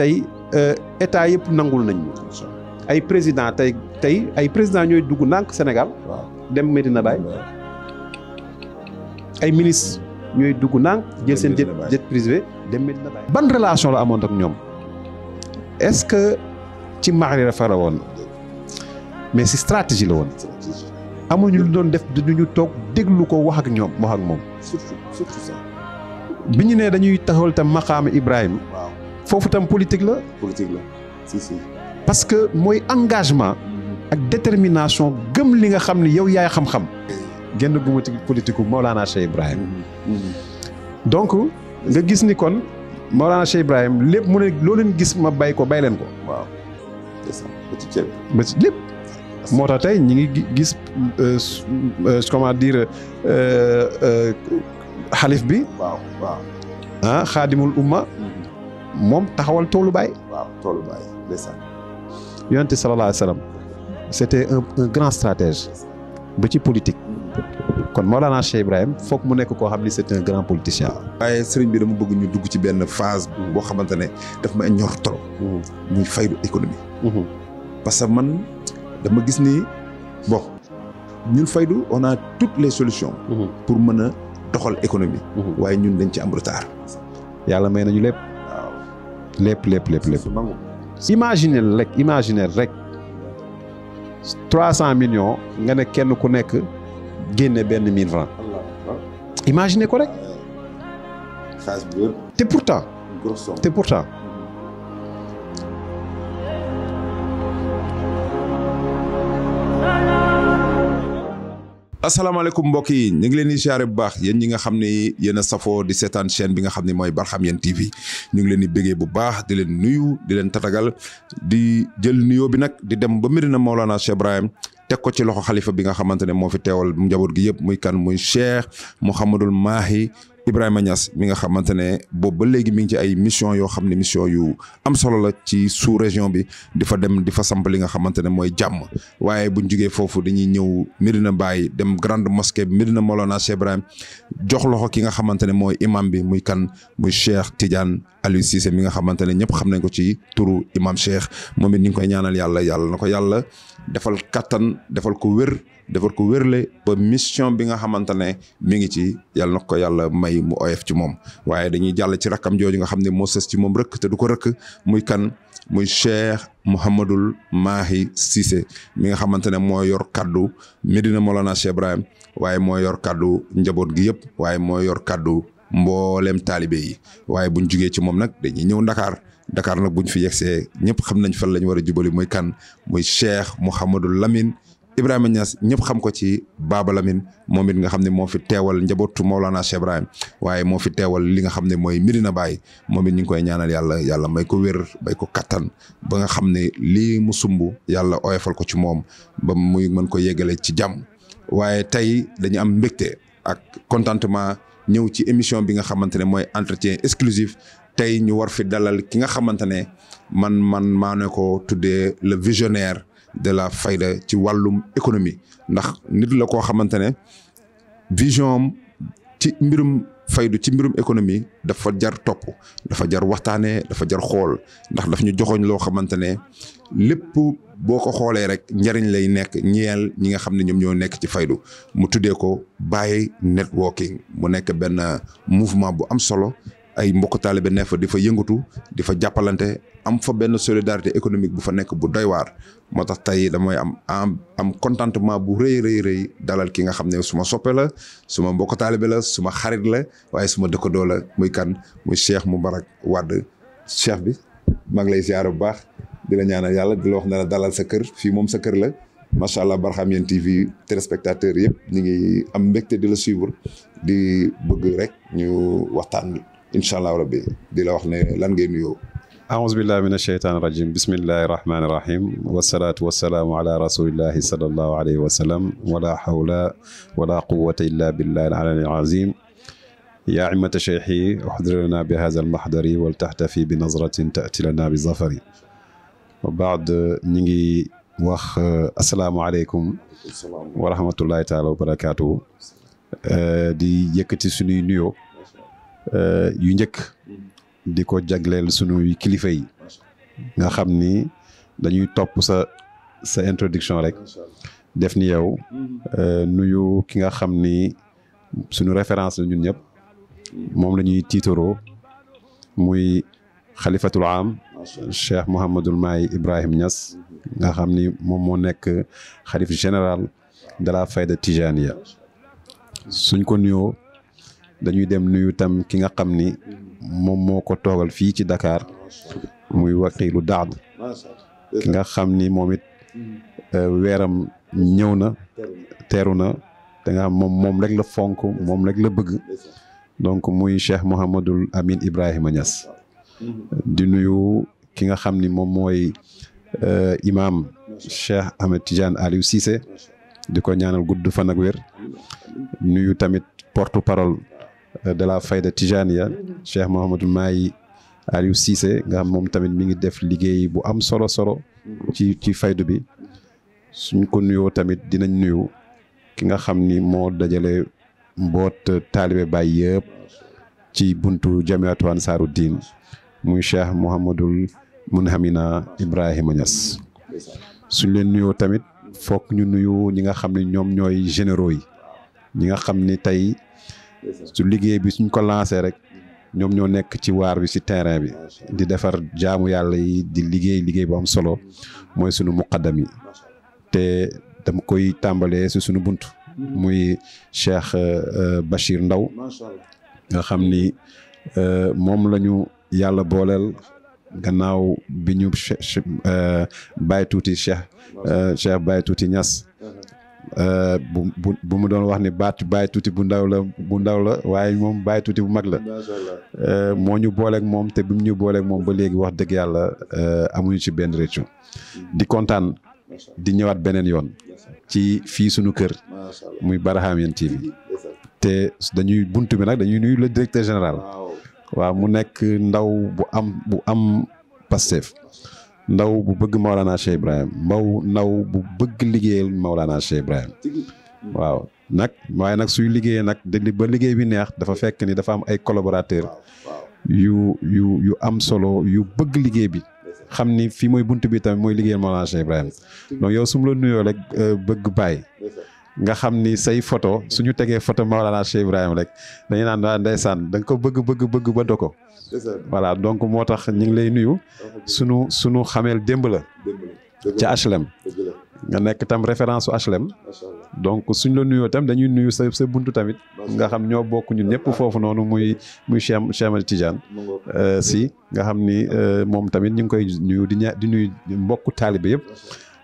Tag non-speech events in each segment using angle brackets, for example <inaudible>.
tey euh, état yëpp nangul nañ ay président tey tey ay président ñooy dugg nànk Sénégal dem Medina Baye ay ministre ñooy dugg nànk jël seen jet jet privé dem Medina Baye ban relation la amoon ak ñoom est-ce que ci maarifa fara woon mais si stratégie la woon amuñu lu doon def duñu toog déglu ko wax ak ñoom ak moom bi ñu nee dañuy taxawal tam maqaama Ibrahima Il tam politique la. politique parce que mon engagement. ak détermination gëm li yow yaay xam-xam. politique Cheikh Ibrahim. Mm-hmm. Mm-hmm. donc nga gis ni Cheikh Ibrahim lepp mu ne gis ma bay ko bay ko. waaw c'est ça euh, euh, comment dire euh, mom taxawal toolu baay. waaw toolu baay ndeysaan. yonent sallalahu alayhi wa c'était un un grand stratège ba ci politique kon Maolana Cheikh Ibrahim foog mu nek ko xam ni c'est un grand politicien. waaye sëriñ bi dama bëgg ñu dugg ci benn phase bo xamante daf ma ñor trop. Hmm. muy faydu économie. Hmm. parce que man dama gis ni bon ñun faydu on a toutes les solutions. Hmm. pour mën a doxal économie. waaye ñun dañ ci am retard. yàlla may nañu lépp. Lep, lep, lep, lep. Imaginez, lek, imaginez, lek. 300 millions, vous avez quelqu'un qui connaît que 1 000 francs. Imaginez correct. Ça, c'est bien. C'est pourtant. C'est pourtant. asalaamaaleykum mbokk yi ñu ngi leen di siyaare bu baax yéen ñi nga xam ne yéen a safoo di seetaan chaîne bi nga xam ne mooy Barham Yéene TV ñu ngi leen di béggee bu baax di leen nuyu di leen tatagal di jël nuyoo bi nag di dem ba Medina Maolana Cheikh Ibrahim teg ko ci loxo xalifa bi nga xamante ne moo fi teewal njaboot gi yëpp muy kan muy Cheikh Mouhamadul Mahi Ibrahima Niass mi nga xamante ne boobu ba léegi mi ngi ci ay mission yoo xam mission yu am solo la ci sous région bi di fa dem di fa samp li nga xamante ne dañuy Medina dem grande mosquée Medina Mawlana Cheikh Ibrahim jox loxo ki nga xamante ne imam bi muy kan muy Cheikh Tidiane Aliou Cissé mi nga xamante ne ko ci turu imam Cheikh moom it ñu ngi koy ñaanal yàlla yàlla na ko defal katan defal ko defar ko wérle ba mission bi nga xamante ne mi ngi ci yàlla na ko yàlla may mu oyef ci moom waaye dañuy jàll ci rakkam jooju nga xam ne moo sës ci moom rëkk te du ko rekk muy kan muy Cheikh Mouhamadul Mahi Cissé mi nga xamante ne moo yor kaddu Medina Mawlana Cheikh Ibrahim waaye moo yor kaddu njaboot gi yëpp waaye moo yor kaddu mboolem taalibe yi waaye buñ jugee ci moom nag dañuy ñëw Ndakaar Dakar nag buñ fi yegsee ñëpp xam nañ fan lañ war a jubali muy kan muy Cheikh Mouhamadul Lamine. Ibrahima Niass ñëpp xam ko ci babalamin Lamine moom it nga xam ne moo fi teewal njabootu Mawlana Cheikh Ibrahim waaye moo fi teewal li nga xam ne mooy Medina Baye moom it ñu ngi koy ñaanal yàlla yàlla may ko wér may ko kattan ba nga xam ne lii mu sumb yàlla oyofal ko ci moom ba muy mën ko yeggale ci jàmm waaye tey dañu am mbégte ak contentement ñëw ci émission bi nga xamante ne mooy entretien exclusif tey ñu war fi dalal ki nga xamante ne man man maa ne ko tuddee le visionnaire de la fayda ci wàllum économie ndax nit la koo xamante ne vision am ci mbirum faydu ci mbirum économie dafa jar topp dafa jar waxtaanee dafa jar xool ndax daf ñu joxoñ loo xamante ne lépp boo ko xoolee rek njariñ lay nekk ñeel ñi nga xam ne ñoom ñoo nekk ci faydu mu tuddee ko Baye networking mu nekk benn mouvement bu am solo ay mbokk talibé neuf fa di fa yëngatu di fa am fa ben solidarité économique bu fa nek bu doy war motax tay am am am contentement bu reuy reuy reuy dalal ki nga xamné suma soppé la suma mbokk talibé la suma xarit la waye suma do la muy kan muy Cheikh wad Cheikh bi mag lay ziaru bu di la ñaanal yalla di la wax na dalal sa kër fi mom sa kër la allah Barham yeen TV téléspectateurs yépp ñi ngi am mbékté di la suivre di bëgg rek ñu waxtaan incha allah rabbi di la wax ne lan ngay nuyoo. aouzu billahi min asheytaani rajim bismillahi rahmaani rahim wasalaatu wasalaamu ala rasulillahi salallahu alayhi wa sallam wala hawla wala quwata illa billahi alali azim yaa imata cheikhi uxdir lana bi hada almaxdari wal taxtafi bi nazratin taati lana bi zafari wa baad ñi ngi wax asalaamualeykum wa rahmatullahi taala wa barakaatuhu di yëkkati suñuy nuyoo yu njëkk di ko jagleel sunuy kilifa yi nga xam ni dañuy topp sa sa introduction rek def ni yow nuyu ki nga xam ni sunu référence la ñun ñëpp moom la ñuy tiitaroo muy xalifatul am cheikh Mouhamadul Mahi Ibrahim Niass nga xam ni moom moo nekk xalif général de la fayda tijaniya suñ ko nuyoo dañuy dem nuyu tam ki nga xam ni moom moo ko toogal fii ci Dakar muy wakiilu daad ki nga xam ni moom it euh, weeram ñëw na teeru na te nga xam moom moom rek la fonk moom rek la bëgg donc muy Cheikh Mouhamadul Amin Ibrahima ñas di nuyu ki nga xam ni moom mooy euh, imaam Cheikh Ahmed Tidiane Aliou Cissé di ko ñaanal gudd fan ak wér nuyu tamit porte parole Euh, de la fayda tijaniya Cheikh Mouhamadou Mahi Aliou Cissé nga xam moom tamit mi ngi def liggéey bu am solo solo ci ci faydu bi suñ ko nuyoo tamit dinañ nuyu ki nga xam ni moo dajale mboot taalibe Baay yëpp ci buntu jamiatu ansaaru diin muy Cheikh Mouhamadul Munhamina Ibrahima Niass suñ leen nuyoo tamit fook ñu nuyu ñi nga xam ne ñoom ñooy généraux yi ñi nga xam ni tey su liggéey bi suñ ko lancé rek ñoom ñoo nekk ci waar bi si terrain bi di defar jaamu yàlla yi di liggéey liggéey bu am solo mooy sunu muqaddam yi te dama koy tàmbalee si sunu bunt muy Cheikh euh, Bachir Ndaw nga xam ni euh, moom la ñu yàlla booleel gannaaw bi ñu euh, Baye Tuuti Cheikh Cheikh Tuuti Ñas Euh, bu bu mu doon wax ni baat baay tuuti bu ndaw la bu ndaw la waaye moom bàyyi tuuti bu mag la. Euh, moo ñu booleek moom te bi mu ñu booleeg moom ba léegi wax dëgg yàlla euh, amuñu ci benn réccu di kontaan di ñëwaat beneen yoon. ci fii suñu kër. muy Barhamiennes TV. te dañuy bunt bi nag dañuy nuyu le directeur général. waaw mu nekk ndaw bu am bu am Pastef. ndaw bu bëgg Maolana Cheikh Ibrahim mbaw ndaw bu bëgg liggéeyal Maolana Cheikh Ibrahim waaw nag waaye nag suy liggéeyee nag di ba liggéey bi neex dafa fekk ni dafa am ay collaborateur yu yu yu am solo yu bëgg liggéey bi xam ni fii mooy bunt bi tamit mooy liggéeyal Maolana Cheikh Ibrahim donc yow su la nuyoo rek euh, bëgg bàyyi nga xam ni say photo suñu tegee photo Maolana Cheikh Ibrahim rek dañuy naan waa ndeysaan da danga ko bëgg bëgg bëgg ba do ko voilà donc moo tax ñu ngi lay nuyu suñu sunu xameel démb la ca HLM nga nekk tam référence su HLM donc suñ la nuyoo tam dañuy nuyu sa sa buntu tamit nga xam ñoo bokk ñun ñëpp foofu noonu muy muy Cheikh Cheikh Tidiane euh, si nga xam ni euh, moom tamit ñu ngi koy nuyu di ña di nuyu mbokku taalibe yëpp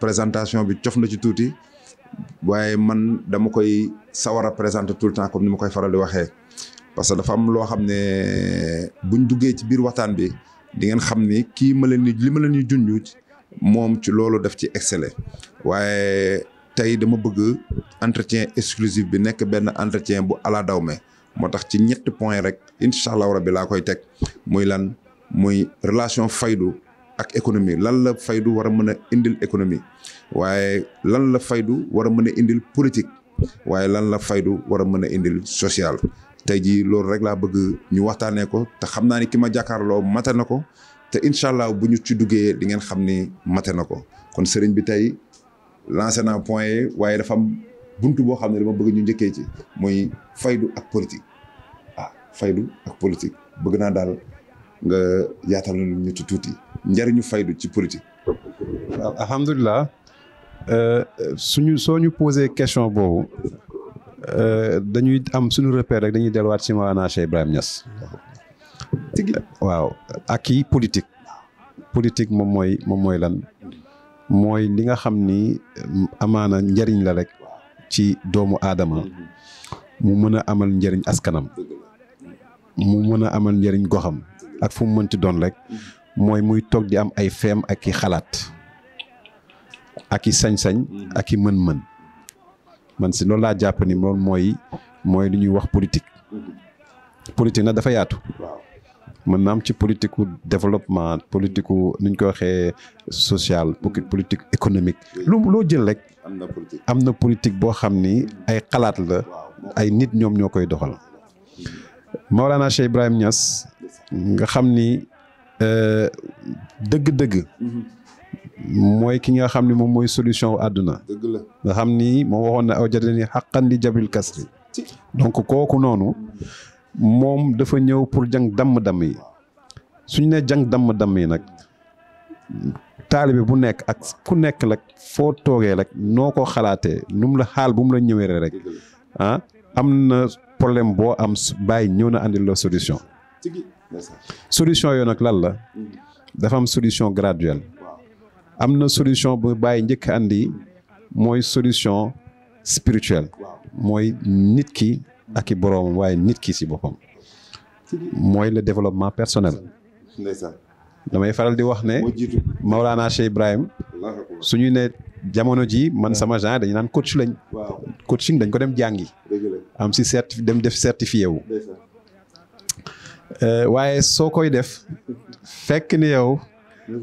présentation bi cof na ci tuuti waaye man dama koy sawara a tout le temps comme ni ma koy faral di waxee parce que dafa am loo xam ne buñ duggee ci biir waxtaan bi di ngeen xam ni kii ma leen ni li ma leen di junj moom ci loolu def ci exceller waaye tey dama bëgg entretien exclusif bi nekk benn entretien bu ala dawme moo tax ci ñetti point rek incha allah rabi laa koy teg muy lan muy relation faydu ak économie lan la faydu war a mën a indil économie waaye lan la faydu war a mën a indil politique waaye lan la faydu war a mën a indil social. tey jii loolu rek laa bëgg ñu waxtaanee ko te xam naa ni ki ma jàkkaarloo mate na ko te incha allah bu ñu ci duggee di ngeen xam ni mate na ko kon sëriñ bi tey lancé naa point yi waaye dafa am buntu boo xam ne dama bëgg ñu njëkkee ci muy faydu ak politique ah faydu bëgg naa daal nga yaatal ñu ci tuuti. njariñu faydu ci politique. alhamdulilah euh, suñu soo ñu posé question boobu euh, dañuy am suñu repère rek dañuy delluwaat si maanaam Cheikh Ibrahima Niass. waaw ak i politique. politique moom mooy moom mooy lan mooy li nga xam ni amaana njariñ la rek ci doomu aadama mu mën a amal njariñ askanam mu mën a amal njariñ goxam ak fu mu mënti doon rek mooy muy toog di am ay feem ak i xalaat ak i sañ-sañ mm-hmm. ak i mën-mën man si loolu laa jàpp ni loolu mooy mooy lu ñuy wax politique mm-hmm. politique nag dafa yaatu mën naa am ci politiku développement politiku nu koy ko waxee social mm-hmm. politique économique loo jël rek am na politique boo xam ni ay xalaat la ay nit ñoom ñoo koy doxal Maolana Cheikh Ibrahim Niass nga xam ni Euh, dëgg-dëgg. Mm-hmm. mooy ki nga xam ne moom mooy solution wu àdduna. la nga xam ni moom waxoon na aw jënd ni xaqan li jabil kasri donc kooku noonu moom dafa ñëw pour jang damm-damm yi suñu nee jàng damm-damm yi nag taalibe bu nekk ak ku nekk rek foo toogee rek noo ko xalaatee nu mu la xaal bu mu la ñëwee rek ah am na problème boo am bàyyi ñëw na andil la solution. solution yooyu nag lan la hmm. dafa am solution graduelle amna solution bu baye njëkk andi moy solution spirituelle moy nit ki ak borom boroomam nit ki si bopam moy le développement personnel damay faral di wax ne Maulana Cheikh Ibrahim su ne jamono ji man ah. sama genre dañ naan coach lañ coaching dañ ko dem jangi am si certif dem def certifié wu Eh, waaye soo koy def fekk ni yow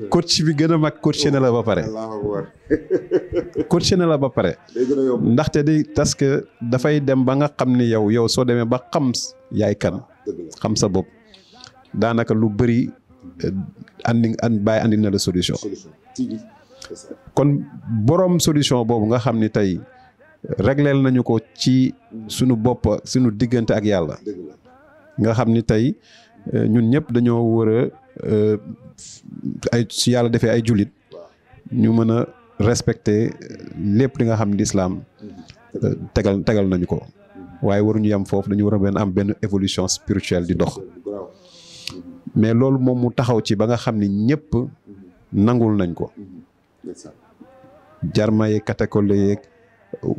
coach bi gën a mag coaché na la ba pare coaché na la ba pare ndaxte di parce que dafay dem ba nga xam ni yow yow soo demee ba xam yaay kan xam sa bopp daanaka lu bëri eh, andi an bàyyi na la solution kon borom solution boobu nga xam ni tey régleel nañu ko ci sunu bopp suñu diggante ak yàlla nga xam ni tey euh, ñun ñëpp dañoo war a euh, ay su yàlla defee ay jullit ñu mën a respecter lépp li nga xam ni lislaam euh, tegal tegal nañu ko waaye waruñu yem foofu dañu war a benn am benn évolution spirituelle di dox mais loolu moom mu taxaw ci ba nga xam ni ñëpp nangul nañ ko jarma yeeg katakole yeeg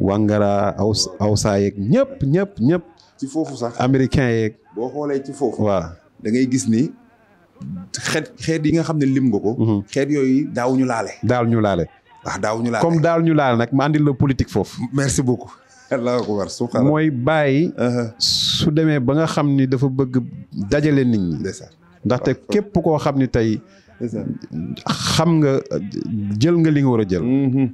wàngara aw awsaa yeeg ñëpp ñëpp ñëpp ci foofu sax. américain yeeg. boo xoolee ci foofu. waaw da ngay gis ni. xeet xeet yi nga xam ne lim nga ko. Mhm. xeet yooyu daaw ñu laale. daaw ñu laale. waaw daaw ñu laale comme daaw ñu laale nag ma andil la politique foofu. merci beaucoup. <laughs> allah akbar subhanallah mooy bàyyi. Uh-huh. su demee ba nga xam ni dafa bëgg dajale nit ñi. ndaxte képp koo xam ni tey. xam nga jël nga li nga war a jël. Mm-hmm.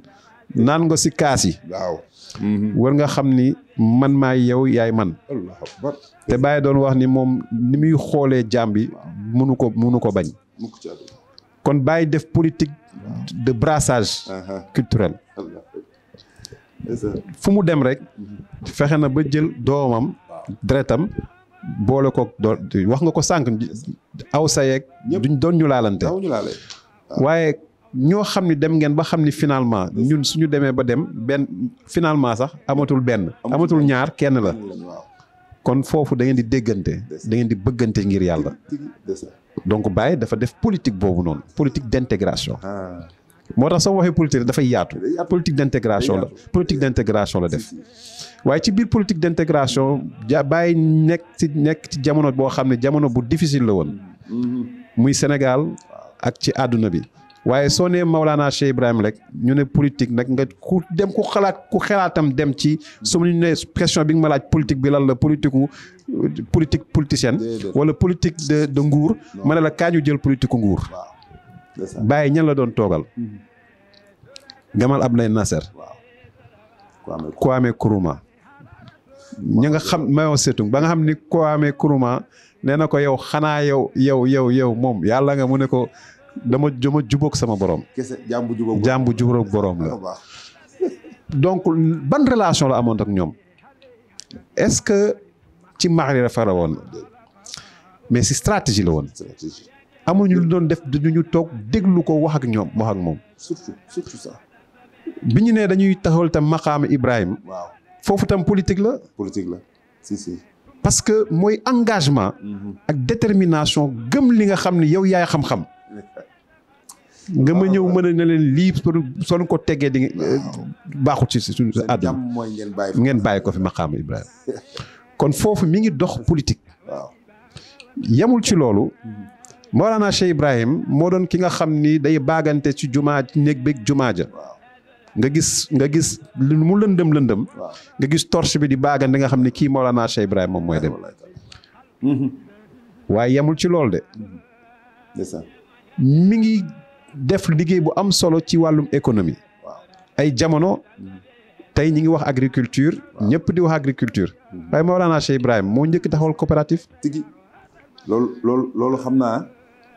naan nga si kaas yi. waaw. Mhm. war nga xam ni man maa yow yaay man te bàyyi doon wax ni moom ni muy xoolee jaam bi munu ko munu ko bañ kon bàyyi def politique de brassage culturel fu mu dem rek mhm. fexe na ba jël doomam am boole ko do wax nga ko sànq aw sa yeeg duñ doon ñu laalante waaye ñoo xam ni dem ngeen ba xam ni finalement ñun suñu demee ba dem benn finalement sax amatul benn amatul ñaar kenn la kon foofu da ngeen di déggante da ngeen di bëggante ngir yàlla donc Baye dafa def politique boobu noonu politique d'intégration ah. moo tax soo waxee politique dafay yaatu politique d'intégration la politique d'intégration la def waaye ci biir politique d'intégration ja Baye nekk ci nekk ci jamono boo xam ne jamono bu difficile la woon mm-hmm. muy Sénégal ak ci àdduna bi waaye soo nee Maulana Cheikh Ibrahim rek ñu ne politique nag nga ku dem ku xalaat ku xalaatam dem ci su ñu ne question bi nga ma laaj politique bi lan la politique politique politicienne. wala politique de nguur. ma ne la kaa ñu jël politique nguur. bàyyi ñan la doon toogal. Mm-hmm. Gamal Abdel Nasser. waaw amee Nkrumah ñi nga xam Mao tse ba nga xam ni Kwame Nkrumah nee na ko yow xanaa yow yow yow yow moom yàlla nga mu ne ko. dama dama jubóog sama borom. kese jaam bu jubóog jaam bu jubóog borom la. Ah, <laughs> donc ban relation la amoon ak ñoom est-ce que ci maarifa fa woon mais si stratégie la woon. amuñu lu doon def duñu toog déglu ko wax ak ñoom moom. bi ñu nee dañuy taxawal tam maqaam Ibrahima. waaw foofu tam politique la. politique la si parce que mooy engagement. Mhm. ak détermination gëm li nga xam ne yow yaay xam-xam. nga ma ñëw mën na leen lii sonu ko teggee di euh, baaxut ci si suñu àdduna ngeen bàyyi ko fi maqaama Ibrahima <laughs> kon foofu mi ngi dox politique yamul ci loolu mm-hmm. Cheikh Ibrahim moo doon ki nga xam ni day baagante ci jumaa néeg beeg jumaa ja nga gis nga gis mu lëndëm lëndëm nga gis torche bi di baagante nga xam ni kii Cheikh Ibrahim moom mooy dem mm-hmm. waaye yamul ci loolu de mm-hmm. mi def liggéey bu am solo ci wàllum économie ay jamono tey ñi ngi wax agriculture ñëpp di wax agriculture mhm. waaye Mawlana Cheikh Ibrahima moo njëkk taxawal coopérative loolu loolu loolu xam naa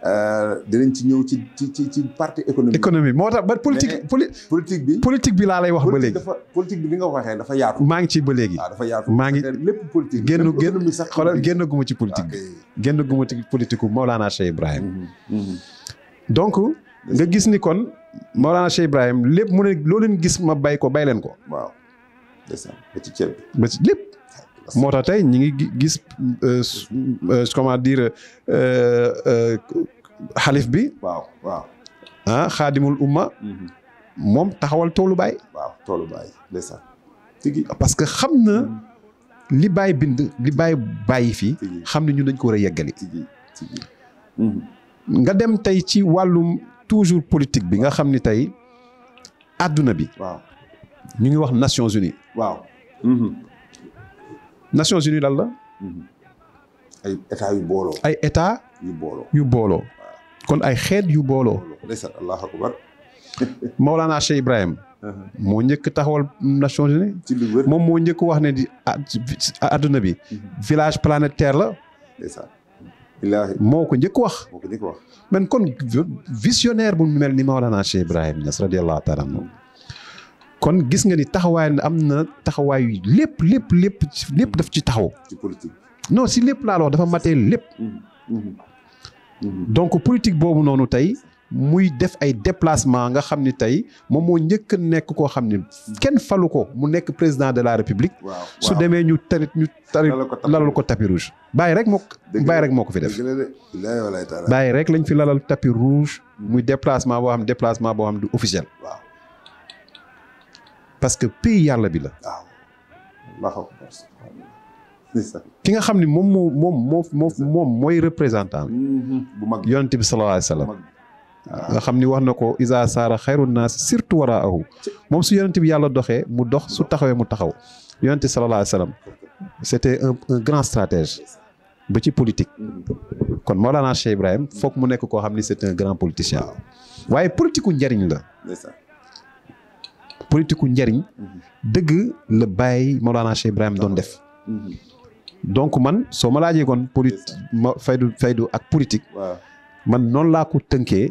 euh, dinañ ci ñëw ci ci ci ci partie économique. économie moo tax ba politique. politique bi politique bi laa lay wax ba léegi. politique bi bi nga waxee dafa yaatu. maa ngi ci ba léegi. Ah, dafa yaatu maa ngi lépp politique. génn génn xoolal génn guma ci politique bi. génn guma ci politique bu Mawlana Cheikh Ibrahima. Mhm. Mhm. donc. nga gis ni kon Mawlana Cheikh Ibrahim lépp mu ne loo leen gis ma bay ko bay leen ko. waaw ba ci ceeb bi ba ci lépp. moo tax tey ñi ngi gis euh, euh, comment dire euh, xalif bi. waaw waaw. ah xaadimul umma. Mhm. moom taxawal toolu baay. waaw toolu baay que xam na mhm. li baay bind li baay bàyyi fii. xam ne ñun dañ ko war a yeggali. Mhm. nga dem tey ci wàllum toujours politique bi nga xamni bi. Nations Unies. waaw. Mhm. Nations Unies Allah. la. Mhm. ay état yu bolo ay état yu bolo yu bolo kon ay yu akbar. <laughs> Cheikh Ibrahim. Uh-huh. Nations Unies. bi. Mhm. village planétaire la. moo ko njëkk wax moo ko njëkk wax man kon visionnaire bu mel ni Maolana Cheikh Ibrahim Niass radiallahu taala anhu kon gis nga ni taxawaay am na taxawaayu lépp lépp lépp lépp daf ci taxaw ci si lépp laa wax dafa matee lépp mhm. Mhm. Mhm. donc politique boobu noonu tey muy def ay déplacement nga xam ni tey moom moo njëkk nekk koo xam ni kenn falu ko mu nekk président de la république. su demee ñu tarit ñu tarit lalal ko tapis rouge. bàyyi rek moo bàyyi rek moo ko fi def. bàyyi rek lañ fi lalal tapis rouge. muy déplacement boo xam déplacement boo xam du officiel. waaw parce que pays yàlla bi la. waaw. ki nga xam ni moom moo moom moo moom mooy représentant bi. Mhm. bu mag bi sallallahu alayhi wa xamni xam ni wax na ko isa saara xayru naas waraahu mom su yonente bi yalla doxé mu dox su taxawé mu taxaw yonente sallallahu alayhi wa c'était un un grand stratège ba ci politique kon molana Cheikh Ibrahim foog mu nek ko xamni c'est un grand politicien waye politiku njariñ la politiku njariñ mhm. deug le bàyyi molana Cheikh Ibrahim don def mhm. donc man so ma laajee kon polit faydu faydu ak politique man non la ko teunké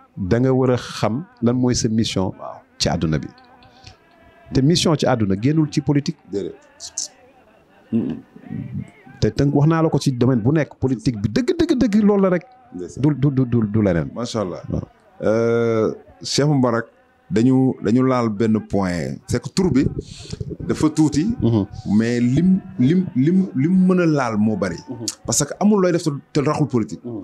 da nga war a xam lan mooy sa mission ci àdduna bi te mission ci àdduna génnul ci politique te tënk wax naa la ko ci domaine bu nekk politique bi dëgg dëgg dëgg loolu la rek du du du du leneen macha allah euh, Cheikh Moubarak dañu dañu laal benn point c'est que tur bi dafa tuuti mhm. mais lim lim lim lim mën a laal moo bari mhm. parce que amul looy def te raxul politique mhm.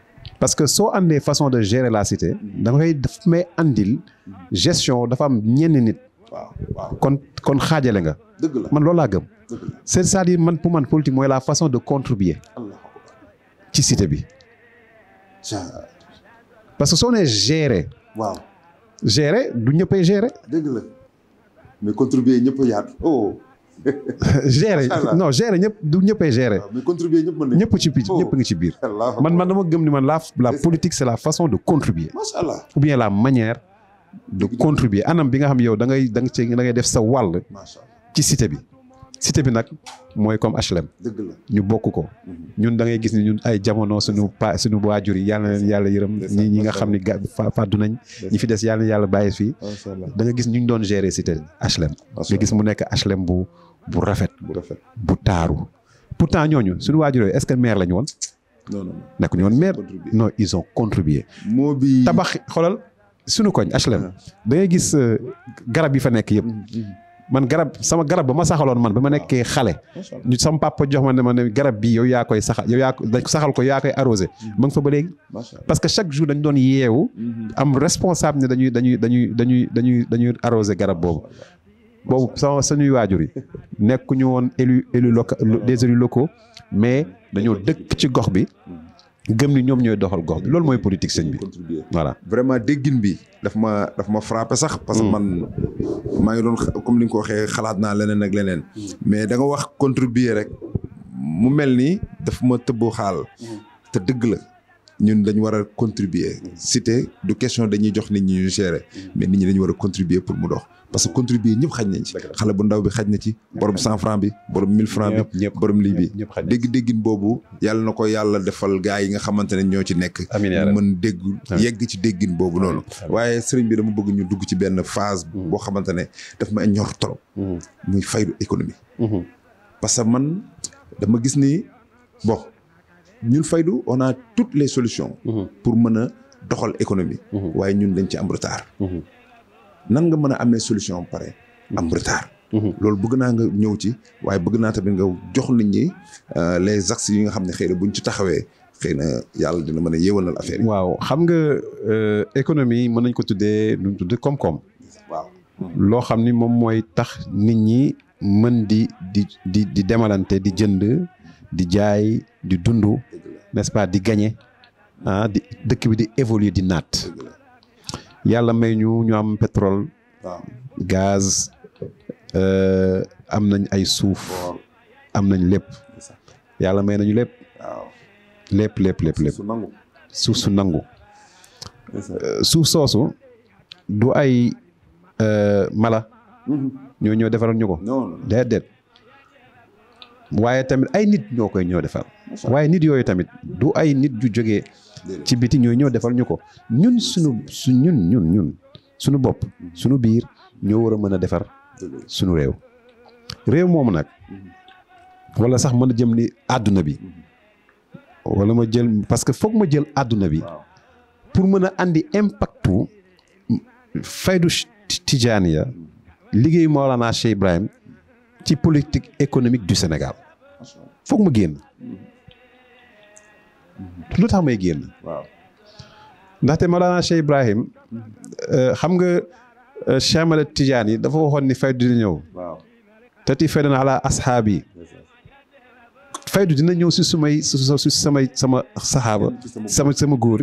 parce que a une façon de gérer la cité da ngay une may andil gestion de femmes qui nit. waaw kon kon xaajale nga. dëgg c'est-à-dire man pour man politique c'est la façon de contribuer. ci cité parce que on est géré, waaw gérer du ne gérer. pas la mais contribuer ñëpp peut oh. <laughs> gérer non gérer ñep du pas gérer ñep ci oh. ñep la politique c'est la façon de contribuer ou bien la manière de contribuer anam bi nga xam yow da ngay da ngay def sa wall ci comme HLM ñu bokku ko mhm. ñun da ngay gis ni ñun ay jamono suñu suñu wajuri yalla leen ñi nga xam nañ gis ñu gérer HLM nga gis mu HLM bu bu rafet. bu rafet bu taaru. pourtant ñooñu suñu waajur est-ce que maire lañ won non non nek ñu woon maire. non ils ont contribué. mo bi tabax xolal suñu koñ HLM. Ah. da ngay gis euh, garab yi fa nek yëpp. Mm, mm. man garab sama garab ba ma saxaloon man bama nekke xalé ñu sama papa jox man ne garab bi yow ya koy saxal yow yaa ko saxal ko ya koy arroser mm. ma nga fa ba léegi parce que chaque jour dañ doon yeewu mm-hmm. am responsable ne dañuy dañuy dañuy dañuy dañuy dañuy garab bobu boobu sama suñuy waajur yi nekkuñu woon élu élu local des élus locaux mais dañoo dëkk ci gox bi gëm ni ñoom ñooy doxal gox bi loolu mooy politique sëñ bi voilà. vraiment déggin bi daf ma daf ma frappé sax. parce mm. man maa ngi doon comme li nga ko waxee xalaat naa leneen ak leneen. Mm. mais da nga wax contribuer rek mu mel ni daf ma tëbbu xaal. Mm. te dëgg la. ñun dañu war a contribuer cité du question dañuy jox nit ñi ñu gérer mais nit ñi dañu war a contribuer pour mu dox parce que contribuer ñëpp xaj nañ ci xale bu ndaw bi xaj na ci borom cent franc bi borom mille franc bi borom lii dégg déggin boobu yàlla na ko yàlla defal gaa yi nga xamante ne ñoo ci nekk mën dégg yegg ci déggin boobu noonu waaye sëriñ bi dama bëgg ñu dugg ci benn phase mm. boo xamante ne daf ma ñor trop mm. muy faydu économie mm-hmm. parce que man dama gis ni bo ñun faydu on a toutes les solutions mm-hmm. pour mën a doxal économie mm-hmm. waaye ñun dañ ci am nan nga mën a amee solution pare am retard mhm. loolu bëgg naa nga ñëw ci waaye bëgg naa tamit nga jox nit ñi euh, les axes yi nga xam ne xëy na buñ ci taxawee xëy na yàlla dina mën a yéwanal affaire yi waaw xam nga euh, économie mën nañ ko tuddee lu ñu tuddee koom waaw loo xam ni moom mooy tax nit ñi mën di di di di demalante di jënd di jaay di dund nest pas di gagner ah di dëkk bi di évoluer di naat yàlla may ñu ñu am pétrole. waaw gaz. Euh, am nañ ay suuf. am nañ lépp. yàlla may nañu lépp. waaw lépp lépp lépp lépp. suuf su nangu. suuf euh, soosu du ay euh, mala. Mm-hmm. ñoo ñoo defaral ñu ko. déedéet waaye tamit ay nit ñoo koy ñëw defal waaye nit yooyu tamit du ay nit ju jóge ci biti ñooy ñëw defal ñu ko ñun suñu su ñun suñu bopp suñu biir ñoo war a mën a defar suñu réew réew moomu nag wala sax mën a jëm ni àdduna bi wala ma jël parce que foog ma jël àdduna bi pour mën a andi impactu faydu tijaaniya liggéey Mawlana Cheikh Ibrahim ci politique économique du Sénégal foog ma génn lu tax may génn waaw ndaxte Mawlana Cheikh Ibrahim euh, xam nga euh, Cheikh Ahmad Tijaan yi dafa waxoon ni faydu dina ñëw te ti faydu na dina ñëw si sumay si samay sama saxaaba sama sama góor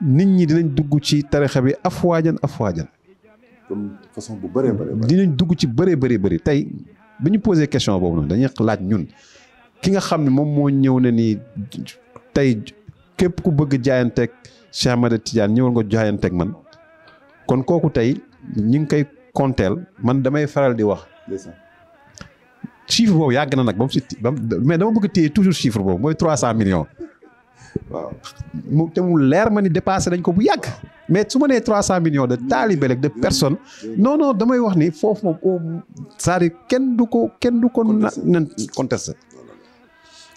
nit ñi dinañ dugg ci tarixa bi afwaajan afwaajan façon bu bëree bëri dinañ dugg ci bëree bëri bëri tey bi ñu posé question boobu noonu dañuy laaj ñun ki nga xam ne moom moo ñëw ne nii tey képp ku bëgg jaayanteeg Cheikh Ahmed Tidiane ñëwal nga jaayanteeg man kon kooku tey ñi ngi koy konteel man damay faral di wax. chiffre boobu yàgg na nag ba mu si mais dama bëgg téye toujours chiffre boobu mooy trois cent millions. il a mu de ma ni dépassé dañ ko bu mais su ma 300 millions de talibé de personnes non non damay wax ni pas moom dire kenn du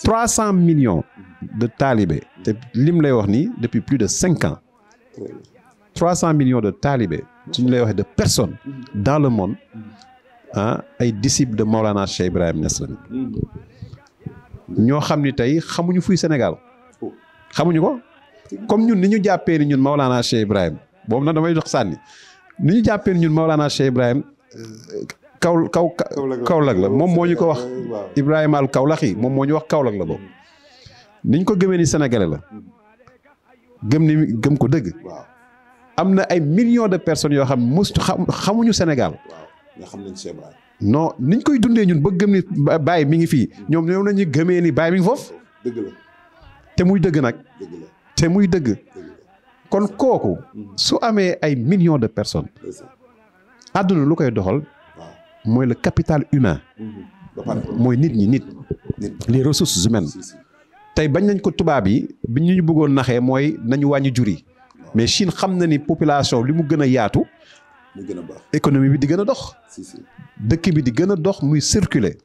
300 millions de talibé te lim lay wax depuis plus de 5 ans 300 millions de talibé suñ lay de personnes dans le monde ah ay disciples de Maulana Cheikh Ibrahim Nesrani ñoo xam ni tey xamuñu fuy Sénégal. xamuñu ko comme ñun ni ñu jàppee ni ñun Maolana Cheikh Ibrahim boobu nag damay jox sànni ni ñu jàppee ni ñun Maolana Cheikh Ibrahim kaw kaw Kaolack la moom moo ñu ko wax Ibrahima al Kaolack yi moom moo ñu wax Kaolack la boobu niñ ko gëmee ni Sénégalais la gëm ni gëm ko dëgg am na ay millions de personnes yoo xam mustu xamuñu Sénégal xam nañ Cheikh Ibrahim non niñ koy dundee ñun ba gëm ni Baye mi ngi fii ñoom ñoom nañu gëmee ni baay mi ngi foofu dëgg te muy dëgg nag te muy dëgg kon kooku su amee ay millions de personnes àdduna lu koy doxal moy le capital humain moy mm-hmm. nit ñi nit les ressources humaines Tay bañ nañ ko tubaab yi bi ñu bëggoon naxee mooy nañu wàññi mais Chine xam na ni population limu mu gën économie bi di gën a dox dëkk bi di gën a dox muy circuler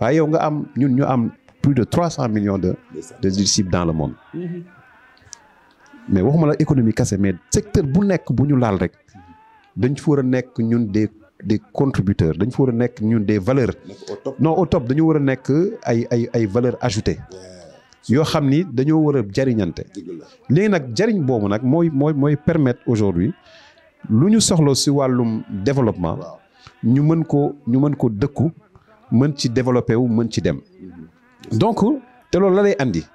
waaye yow nga am ñun ñu am plus de 300 millions de, de disciples dans le monde. mais waxuma la économie kese mais secteur bu nek bu ñu laal rek dañ fa war a ñun des des contributeurs dañ fa war a ñun des valeurs. non au top dañu wara nek ay ay ay valeurs ajoutées. yo xamni dañu wara war a nak léegi nag jariñ boobu nag moy mooy mooy permettre aujourd'hui lu ñu soxla si développement. ñu mën ko ñu mën ko dëkku mën ci développer wu mën ci dem donc c'est ce la lay andi.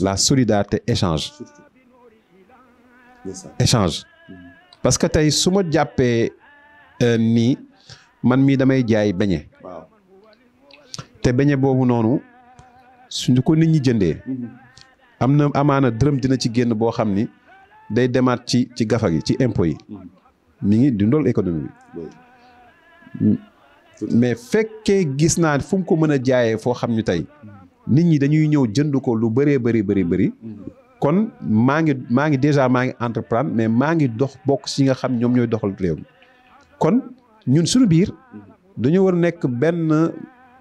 la solidarité échange. échange. parce que tay su jappé euh, man mi damay te suñu ko nit ñi qui dërëm dina ci génn day démat ci ci gafa gi ci impôt yi. Mm-hmm. mi ngi économie mais fekkee gis naa fu mu ko mën a jaayee foo xam ni tey nit ñi dañuy ñëw jënd ko lu bëree bëri bëri bëri. kon maa ngi maa ngi déjà maa ngi entreprendre mais maa ngi dox bokk si nga xam ñoom ñooy doxal réew mi kon ñun suñu biir dañoo war a nekk benn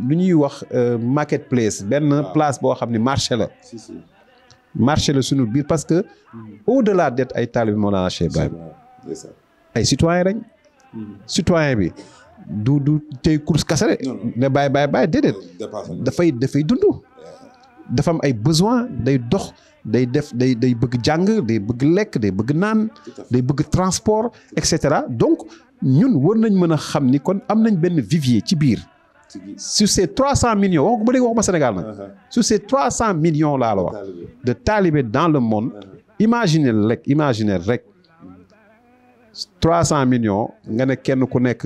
lu ñuy wax euh, market place benn place boo xam ne marché la. marché la sunu biir parce que hmm. au-delà d'être ay taalibe Mawlana Cheikh Ibrahima ay citoyen lañ. Hmm. citoyen bi. du du tey course bay ne bay bàyyi des fay da fay dund da fam ay besoin day dox day def day day bëgg des day bëgg lek day bëgg day bëgg transport etc. donc ñun war nañ nous xam ni kon am nañ vivier ci biir sur ces 300 millions wax Sénégal uh-huh. sur ces 300 millions la de talibé dans le monde uh-huh. imaginez lek imaginer rek 300 millions nga ne kenn ku nekk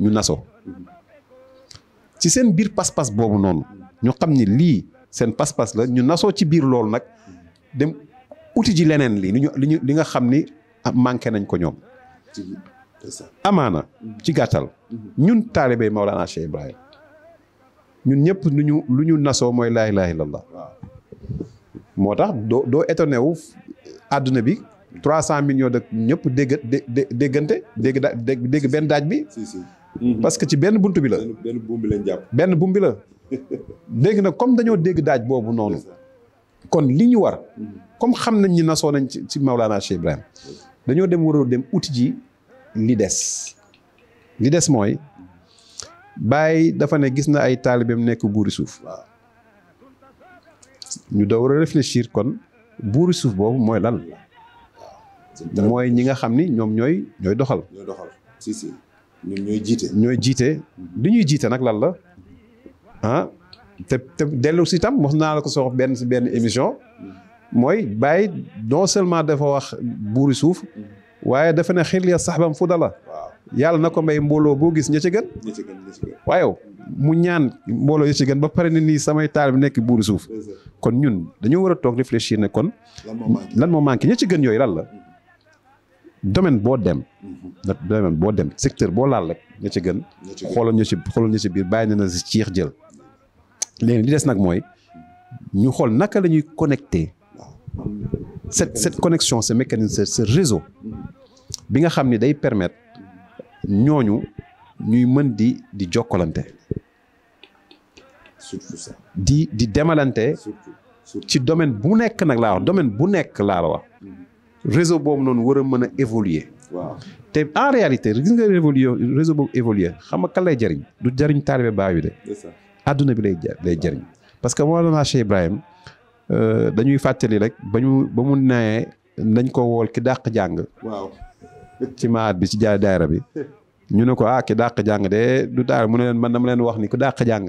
ñu nasoo ci seen biir pas-pas boobu noonu ñu xam ni lii seen pas-pas la ñu nasoo ci biir loolu nag dem uti ci leneen li li ñu li nga xam ni manqué nañ ko ñoom. amaana ci gàttal ñun taalibe Maolana Cheikh Ibrahima ñun ñëpp lu ñu lu ñu nasoo mooy laa ilaaha illallah moo tax doo doo étonné wu àdduna bi trois cent millions de ñëpp dégg déggante dégg dégg benn daaj bi Mhm. parce que ci benn buntu bi la. benn buum bi lañ jàpp. benn buum la léegi <laughs> nag comme dañoo dégg daaj boobu noonu. kon li ñu war. Mhm. comme xam nañ ni nasoo nañ ci ci Maulana Cheikh Ibrahima. dañoo dem waroo dem uti ji li des. li des mooy bàyyi dafa ne gis na ay taalibeem nekk buuri suuf. ñu doog war réfléchir kon buuri suuf boobu mooy lan. mooy ñi nga xam ni ñoom ñooy ñooy doxal. ñooy si. ñun ñooy jiite. ñooy jiite mm-hmm. li ñuy jiite nag lan la ah te te dellu si tam wax naa la ko sox benn si benn émission mm-hmm. mooy bàyyi non seulement dafa wax buuri suuf mm-hmm. waaye dafa ne xil ya saxbam fu dala yàlla na ko may mbooloo boo gis ña ci gën. ña ci waaye mu ñaan mbooloo ya gën ba pare na nii samay taal bi nekk buuri suuf. kon ñun dañoo war a toog réfléchir ne kon. lan moo manqué lan moo manqué ña ci gën yooyu lan la. domaine bo dem. nak domaine bo dem secteur bo laal rek ña ci gën. xooloon ñu ci xooloon ñu ci biir bàyyi na ci si ciix jël. léegi li dess nak moy ñu xol naka lañuy connecter cette cette connexion ce mécanisme ce réseau. bi nga xamni day permettre ñooñu ñuy mën di di jokkalante. di di demalante. ci domaine bu nekk nag laa wax domaine bu nekk laa la wax. Mm-hmm. réseau boobu noonu war a mën a évoluer. waaw te en réalité gis nga évoluer réseau boobu évoluer xam nga kan lay jariñ du jariñ taalibe baay bi de. àdduna bi lay lay jëriñ. parce que Mawlana Cheikh Ibrahim euh, dañuy fàttali rek ba ñu ba mu nee nañ ko wool ki dàq jàng. waaw ci maat bi ci jaar daayra bi. <laughs> ñu ne ko ah ki dàq jàng de du daara mu ne leen man leen wax ni ku dàq jàng.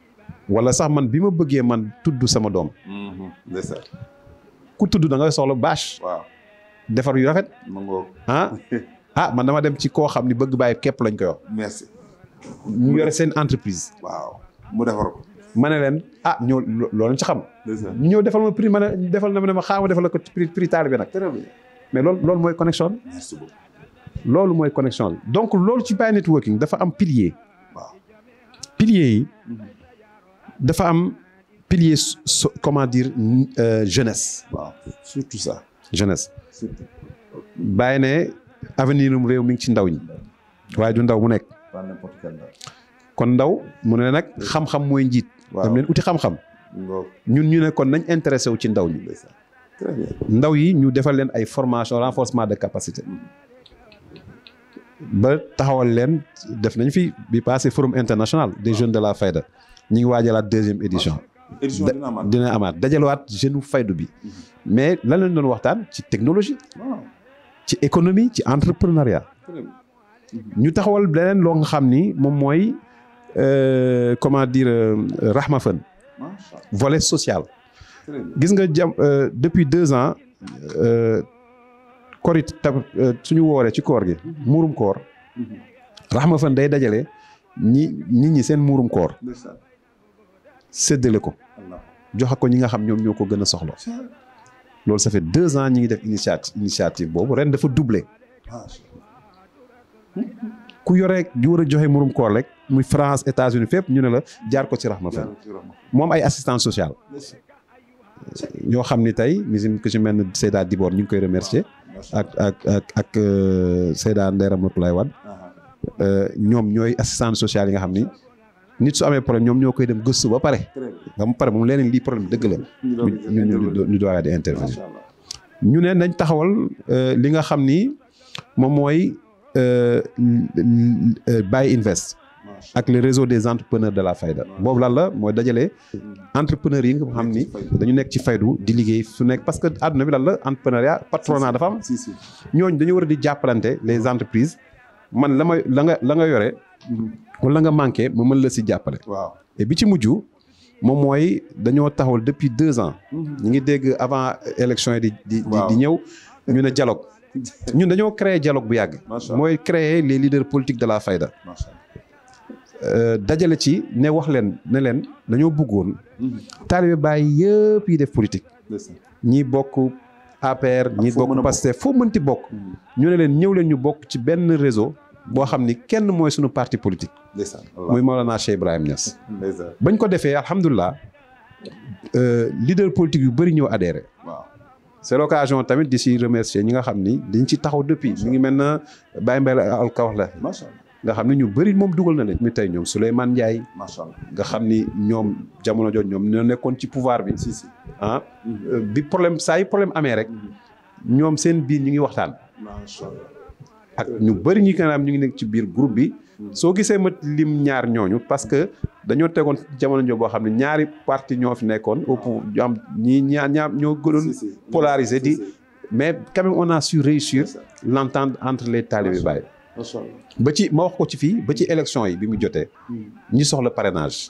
wala sax man bi ma bëggee man tudd sama doom. Mhm. ku tudd da nga soxla bâche. defar yu rafet. ah <laughs> ah man dama dem ci koo xam ni bëgg bàyyi képp lañ koy wax. merci. ñu yore seen entreprise. waaw mu defar ko. ma ne leen ah ñoo loolu ci xam. ñu ñëw defal ma prix ma ne defal na ma ne ma xaaral ma defal ko prix prix taalibe nag. mais loolu loolu mooy connexion bi. merci loolu mooy connexion bi donc loolu ci Baye networking dafa am pilier. waaw yi. Mhm. The am pilier comment dire euh, jeunesse. Sur surtout ça. jeunesse. bayne avenir um un mi ci ndaw ñi. du ndaw mu kon ndaw mu ne nak xam-xam moy xam-xam. ñun intéressé ci formation de capacité. Mm. ba taxawal def nañ fi bi forum international des jeunes de la Fed ñu ngi waajalaat deuxième édition. édition dina amaat dina amaat dajalewaat jeune faydu bi. Mhm. mais lan lañ doon waxtaan ci technologie. Ah. ci économie ci entrepreneuriat. ñu taxawal leneen loo nga xam ni moom mooy euh, comment dire euh, Rahma fan. volet social. gis nga jam euh, depuis deux ans. korit tam suñu wooree ci koor gi. Mhm. muurum koor. Mhm. Rahma fan day dajale ñi nit ñi seen muurum koor. séddale ko joxe ko ñi nga xam ñoom ñoo ko gën a soxla loolu ça fait deux ans ñi ngi def initiative initiative boobu ren dafa doublé ku yore ju war a joxe murum koor rek muy France États-Unis fépp ñu ne la jaar ko ci Rahma Fane moom ay assistance sociale ñoo xam ni tey misim que si mel ne Seyda Dibor ñu ngi koy remercier ah, ak ak ak euh, ak Seyda Ndeye Ramatoulaye Wade ah, ah. Euh, ñoom ñooy assistance sociale yi nga xam ni nit su amee problème ñoom ñoo koy dem gëstu ba pare nga mu pare moom leneen lii problème dëgg la ñu ñu doora di intervenir ñu ne nañ taxawal euh, li nga xam ni moom mooy euh, Buy Invest ak le réseau des entrepreneurs de la fayda boobu lan la mooy dajale entrepreneurs yi nga xam ni dañu nekk ci faydu di liggéey su nekk parce que àdduna bi lan la entrepreneuriat patronat dafa am ñooñ dañu war a di jàppalante les entreprises man la may la nga la nga yore wala nga manqué ma mën la ci jàppale. et bi ci mujj depuis deux ans. Mhm. avant élection yi di di di ñu ne dialogue. <laughs> ñun créer dialogue bu yàgg. mooy créer les leaders politiques de la fayda. Euh, dajale ci ne wax leen ne leen dañoo mhm. taalibe bàyyi yëpp yi def politique. ñi bokk APR ñi bokk foo mënti bokk. Mhm. ñu ne leen ñëw leen ñu bokk ci réseau. boo xam ni kenn mooy sunu parti politique. muy Maolana Cheikh Ibrahim Niass. bañ ko defee alhamdulilah euh, leader politique yu bëri ñëw adhéré. waaw c'est tamit di si remercier ñi nga xam ni dañ ci taxaw depuis mi ngi mel na Baye Mbaye alkawla nga xam ne ñu bëri moom dugal na leen. mi tey ñoom Souleymane Ndiaye. macha allah nga xam ni ñoom jamono jooju ñoom ñoo nekkoon ci pouvoir bi. si si ah. Mm-hmm. bi saa yi problème amee rek. Mm-hmm. ñoom seen biir ñu ngi waxtaan. macha ak ñu bëri ñu kanam ñu ngi nekk ci biir groupe bi soo gisee ma lim ñaar ñooñu parce que dañoo tegoon jamono joo boo xam ne ñaari parti ñoo fi nekkoon au pour ñu ñii ñaar ñaar ñoo gënoon polarisé di mais quand même on a réussir l'entente entre les talibé Baye ba ci ma wax ko ci fii ba ci élection yi bi mu jotee hmm. ñi soxla parrainage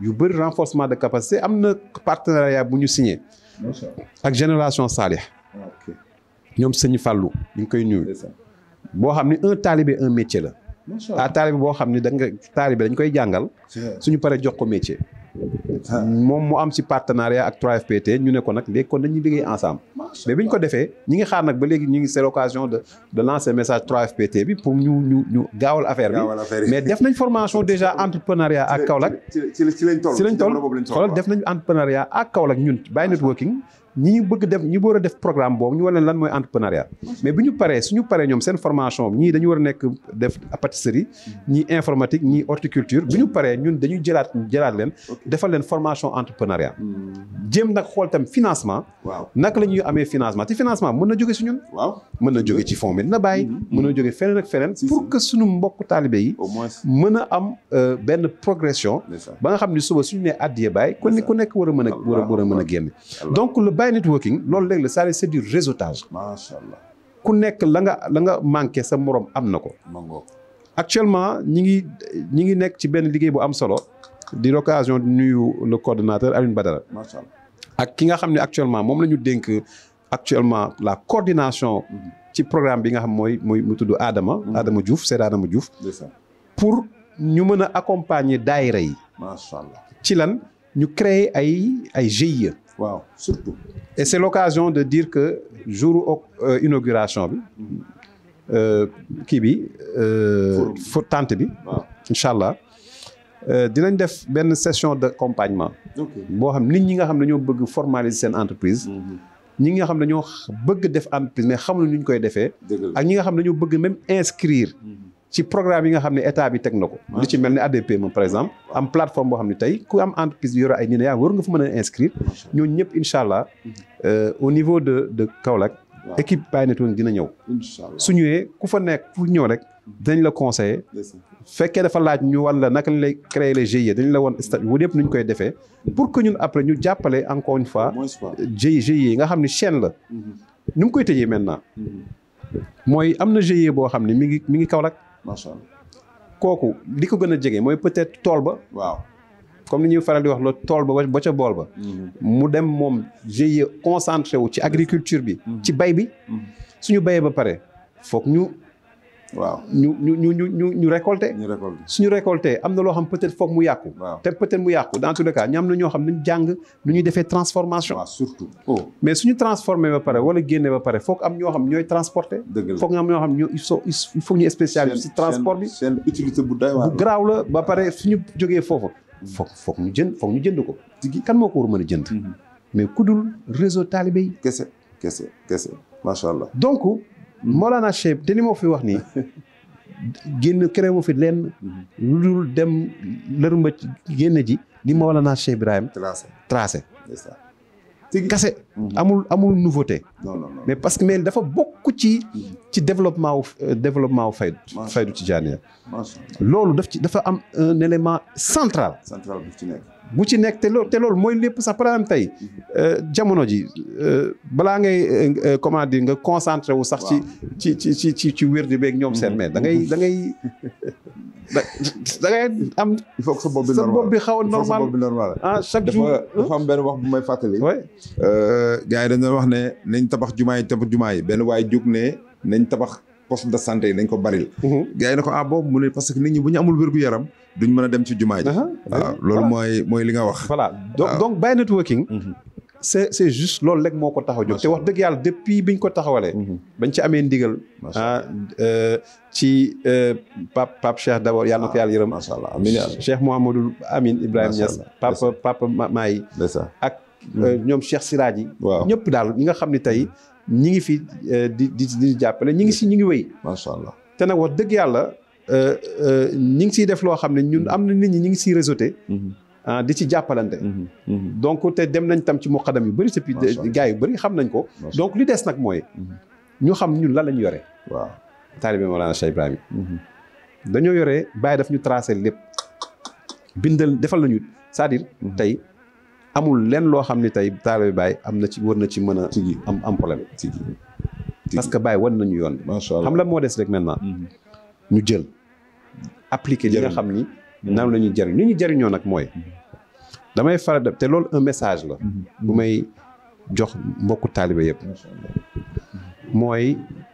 yu bëri renforcement de capacité am na partenariat bu ñu signé. ak génération Salih. Ah, ñoom sëñ Fallou ñu ngi koy nuyu. bo xamni un talibé un métier la. macha talibé bo xamni da nga talibé dañ koy jàngal. suñu paré jox ko métier. Nous mu am partenariat avec 3FPT ñu ne ko ensemble mais nous ko ñi ngi xaar ba l'occasion de de lancer message 3FPT bi pour nous, ñu ñu gawal affaire mais def nañ formation déjà entrepreneuriat ak <laughs> Kaolack ci lañ toll Nous def nañ entrepreneuriat ak Kaolack ñun by networking nous bëgg def ñi programme boobu ñu war lan entrepreneuriat mais ñu suñu formation Nous dañu def pâtisserie informatique ni horticulture bu ñu ñun formation entrepreneuriat hmm. financement naka financement financement mën na jóge ñun ci fond hmm. pour que suñu mbokk am euh, progression ba nga xam suba suñu nous ku a donc le dry networking loolu léegi la cest à c'est du réseautage. macha allah ku nek la nga la nga manqué sa morom am nako. ko. actuellement ñi ngi ñi ngi nek ci ben liguey bu am solo di l'occasion de nuyu le coordinateur Alioune Badara. macha allah ak ki nga xam actuellement mom lañu denk actuellement la coordination. Mhm. ci programme bi nga xam moy mooy mu tudd Adama. Mhm. Adama Diouf c'est Adama Diouf. pour ñu mën accompagner daayira yi. macha allah ci lan ñu créer ay ay GIE waaw surtout. et c'est l'occasion de dire que jour euh, inauguration bi. Euh, kii bi. Euh, fo tante bi. waaw incha allah. dinañ def benn session d'accompagnement. boo xam nit ñi nga xam ne bëgg formaliser seen entreprise. Mhm. ñi nga xam ne ñoo bëgg def entreprise mais xamuñu nu ñu koy defee. ak ñi nga xam ne ñoo bëgg même inscrire. Mhm ci programme yi nga xam ne état bi teg na ko ah. lu ci mel ne ADP moom par exemple ah. am plateforme boo xam ne tey ku am entreprise bi yore ay nina yaa war nga fa mën a inscrire ñooñu ñëpp incha allah euh, au niveau de de Kaolack équipe Pay dina ñëw su ñëwee ku fa nekk ku ñëw rek dañ la conseiller fekkee dafa laaj ñu war la naka lay créer les GIE dañ la woon statut wu yëpp nu ñu koy defee pour que ñun après ñu jàppale encore une fois GIE GIE nga xam ne chaîne la ñu mm-hmm. ngi koy tëjee maintenant mm-hmm. mooy am na GIE boo xam ne mi ngi mi ngi Kaolack macha allah kooku li ko gën a jege mooy peut-être tool ba. waaw comme ni ñuy faral di wax la tool ba ba ca bool ba. Mm-hmm. mu dem moom GIE concentré wu ci agriculture bi. Mm-hmm. ci bay bi. Mm-hmm. suñu bayee ba pare foog ñu. Nous récoltons. ñu ñu ñu ñu peut-être les cas transformation. surtout oh. mais si nous transformons, il wala que transporté. il faut ñu spécialisé transport Il faut utilité bu Si nous Il la ba nous suñu Il faut que nous ñu jënd. mais ku réseau donc. Mawlana Cheikh te li ma fi wax nii génn créé wu fi lenn lu dul dem lërmba génn ji li Mawlana Cheikh Ibrahim tracé kase amul amul nouveauté non non mais parce que mais dafa bokk ci ci développement wu euh, développement wu faydu ci tijaaniya loolu daf ci dafa am un central central bu ci nekk bu ci nekk te loolu te loolu mooy lépp sax par exemple tey euh, jamono ji euh, balaa ngay euh, comment dire nga concentré wu sax. ci ci ci ci ci wér di beeg ñoom seen. mais da ngay da ngay <laughs> da ngay am. il faut que sa bopp bi normal sa bopp bi xaw a ah, chaque jour. dafa am benn wax bu may fàttali. gars yi dañ wax ne nañ tabax jumaa yi tabax jumaa yi benn waaye jóg ne nañ tabax poste de santé yi nañ ko baril. Mhm. gars yi ne ko ah boobu mu ne parce que nit ñi bu ñu amul wér gu yaram. duñ mën a dem ci jumaa ji. loolu mooy mooy li nga wax. voilà donc donc by networking. Mhm. c' est c' est juste loolu rek moo ko taxaw jox jóg. te wax dëgg yàlla depuis biñ ko taxawalee. Mhm. bañ ci amee ndigal. ah euh, ci euh, Pape Pape Cheikh d' abord yàlla na ko ah, yàlla yërëm. macha allah amiin Cheikh Mouhamadul Amine Ibrahima Niass. papa papa Maay. ak mhm. euh, ñoom Cheikh Siraji. waaw ñëpp daal ñi nga xam ne tey ñi ngi fi di di di jàppale ñi ngi si ñi ngi wéy. macha te nag wax dëgg yàlla. Euh, euh, ñu ngi siy def loo xam ne ñun mm-hmm. am na nit ñi ñi ngi si réseauté mm-hmm. ah di ci jàppalante mm-hmm. donc te dem nañ tam ci muqadam yu bëri depuis gars yu bëri xam nañ ko donc li des nag mooy ñu xam ñun lan lañu yore waaw taalibe Mawlana Cheikh dañoo yore bàyyi daf ñu tracé lépp bindal defal nañu cest tey amul lenn loo xam ne tey taalibe Baye am na ci war na ci mën a am am problème parce que Baye wan nañu yoon bi macha allah xam la moo des rek maintenant ñu jël appliquer li nga xam ni naam la ñuy jëriñ li ñu jëriñoo nag mooy damay faral te loolu un message la mhm. bu may jox mbokku taalibe yëpp mooy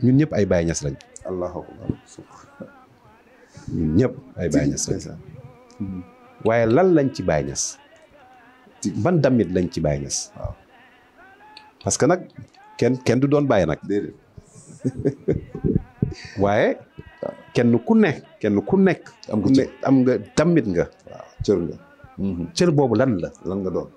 ñun ñëpp ay Baay Ñas lañ allahu akbar ñun mhm. waaye lan lañ ci Baay Ñas ban damit lañ ci Baay Ñas waaw nag kenn kenn du doon bàyyi nag <laughs> waaye kenn ku nekk kenn ku nekk. am nga am nga tamit nga. waaw cër nga. Mhm. cër boobu lan la lan nga doon.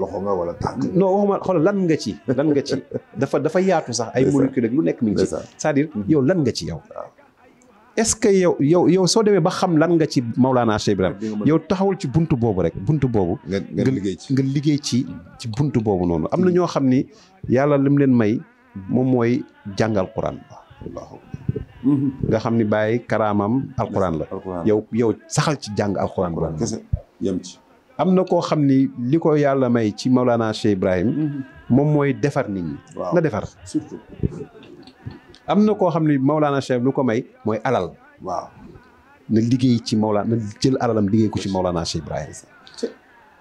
loxo nga wala tànk. non waxuma xoolal lan nga ci. lan nga ci dafa dafa yaatu sax. ay molécule lu nekk mi ngi ci. c'est-à-dire mhm. yow lan nga ci yow. est-ce que yow yow yow soo demee ba xam lan nga ci Maulana Cheikh Ibrahim yow taxawul ci bunt boobu rek bunt boobu. nga liggéey ci nga liggéey ci ci buntu boobu noonu. am na mhm. ñoo xam ni yàlla lim leen may. moom mooy jàngal Quran. Mm-hmm. nga xam ni bàyyi karaamam alxuraan la. yow yow saxal ci jàng alxuraan boobu. am na koo xam ni li ko yàlla may ci Maulana Cheikh mm-hmm. mooy defar nit ñi. nga defar. surtout. na koo xam ni Maulana Cheikh lu ko may mooy alal. waaw na liggéey ci Maulana na jël alalam liggéey ko ci Maulana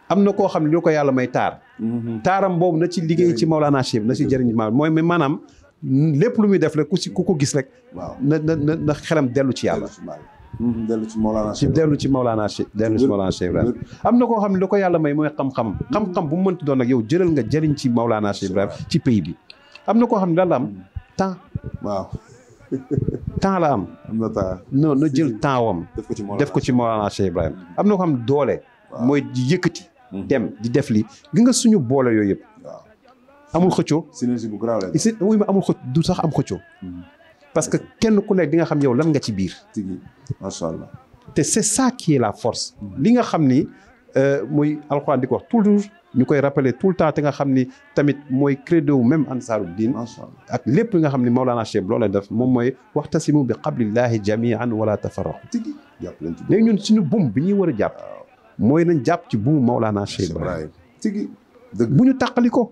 am na koo xam ne lu ko yàlla may taar. Mm-hmm. taaram boobu na ci liggéey ci Maulana Cheikh na ci jëriñ maam mooy maanaam. lépp lu muy def rek ku si ku ko gis rek. waaw na na na na xelam dellu ci yàlla. dellu ci Maolana Cheikh mhm, dellu ci Maolana Cheikh dellu ci Maolana Cheikh am na koo xam ne da ko yàlla may mooy xam-xamam. xam-xam bu mu doon nag yow jëlal nga jëriñ ci Maolana Cheikh ci pays bi. am na koo xam ne daal am temps. waaw. <laughs> temps la am. na temps na jël temps wam. def ko ci Maolana Cheikh am na ko xam doole. mooy di yëkkati. Mhm. dem di def li gi nga suñu boole yooyu yëpp. amul xëccoo synergie bu grave la si wuy ma amul xëcc du sax am xëccoo parce que kenn ku nekk di nga xam yow lan nga ci biir macha allah te c'est ça qui est la force li nga xam ni muy alxuraan di ko wax toujours ñu koy rappeler tout le temps te nga xam ni tamit mooy credo même ansaaru diin ak lépp li nga xam ni Maolana Cheikh loola def moom mooy waxtasimu bi qablillahi jamian wala tafarraqu tigi léegi ñun suñu buum bi ñuy war a jàpp mooy nañ jàpp ci buumu Maolana Cheikh Ibrahim tigi bu ñu tàqali ko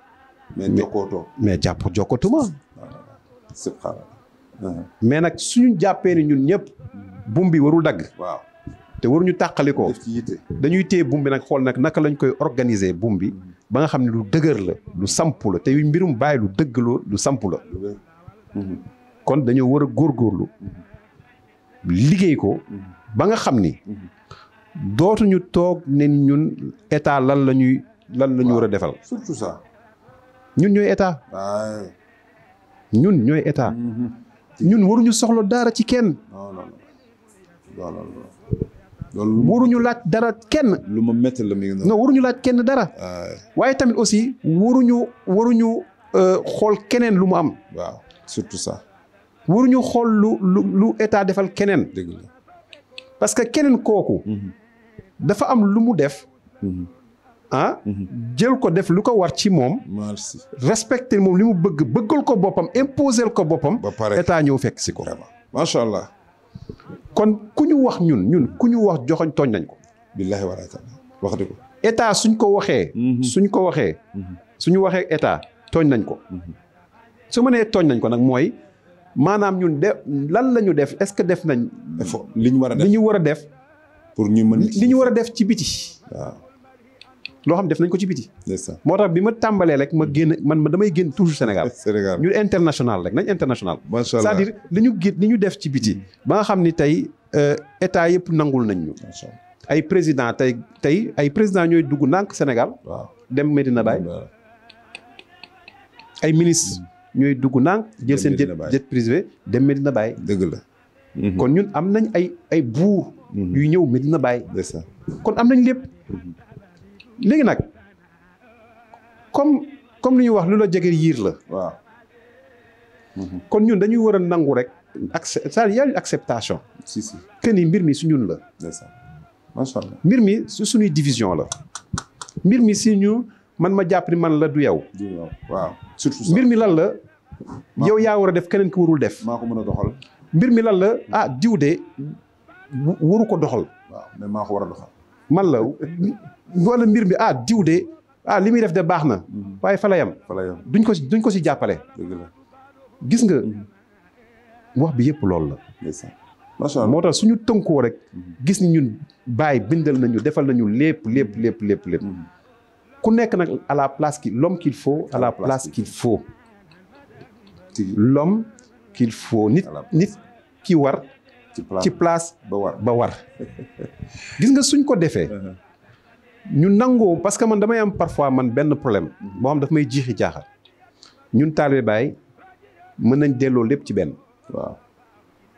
mais jokkootoo mais jàpp jokkootuma. Uh-huh. mais nag suñu jàppee ni ñun ñëpp. bum bi warul dagg. waaw te waruñu tàqali ko. dañuy téye bum bi nag xool nag naka lañ koy organiser bum bi. ba nga xam ne lu dëgër la. lu sampu la te mbirum bàyyi lu dëgg la lu sampu la. Uh-huh. kon dañoo war a góorgóorlu. Uh-huh. liggéey ko. ba nga xam ni. dootuñu toog ne ñun état lan la ñuy lan la ñu war a defal. surtout ñun ñooy état. ñun ñooy état. Mm-hmm. ñun waruñu soxla dara ci kenn. loolu waruñu laaj dara kenn. lu ma métti la mi waruñu laaj kenn dara. waaye tamit aussi waruñu waruñu euh, xool keneen lu mu am. waaw surtout ça. waruñu xool lu lu lu état defal keneen. dëgg parce que keneen kooku. Mm-hmm. dafa am lu mu def. Mm-hmm. ah mhm. jël ko def lu ko war ci moom respecté moom li mu bëgg bëggal ko boppam imposel ko boppam état ñëw fekk si ko macha allah kon ku ñu wax ñun ñun ku ñu wax joxoñ tooñ nañ ko billaahi wa taala wax di état suñ ko waxee mhm. suñ ko waxee mhm. suñu waxee état tooñ nañ ko su ma nee tooñ nañ ko nag mooy maanaam ñun de lan la ñu def est-ce que def nañ li ñu war a def li ñu war a def pour ñu mën li ñu war a def ci biti waaw loo xam def nañ ko ci biti moo tax bi ma tàmbalee rek ma génn man ma damay génn toujours Sénégal <laughs> Sénégal ñu international rek nañ international macha allah c'est-à-dire li ñu gén li ñu def ci biti mm. ba nga xam ni tey euh, état yëpp nangul nañ ñu ay président tey tey ay président ñooy dugg nànk Sénégal waaw dem Medina Baye ay ministre mm. ñooy dugg nànk jël seen jet jet privé dem Medina Baye dëgg la mm-hmm. Mm-hmm. kon ñun am nañ ay ay buur mm-hmm. yuy ñëw Medina Baye kon am nañ lépp léegi nag comme comme lu ñuy wax lu la jege yiir la. waaw. Mm-hmm. kon ñun dañuy war a nangu rek. accep cest acceptation. si ni mbir mi su ñun la. c'est macha mbir mi su suñuy division la. mbir mi si ñu man ma jàpp ni man la du yow. waaw surtout mbir mi lan la. yow yaa war a def keneen ki warul def. maa ko mën a doxal. mbir mi lan la ah diw de waru ko doxal. waaw mais maa ko war a doxal. man la wala mbir ah diw de ah limi def de mhm. fa duñ ko duñ ko si gis nga mhm. wax bi la suñu rek mhm. gis ni defal nañu à la place qui l'homme qu'il faut à la place qu'il faut l'homme qu'il faut nit ci place ba war ba war gis nga suñ ko defee uh-huh. ñu nangoo parce que man damay am parfois man benn problème boo xam daf may jiixi jaaxal ñun taalibe Baay mën nañ delloo lépp ci benn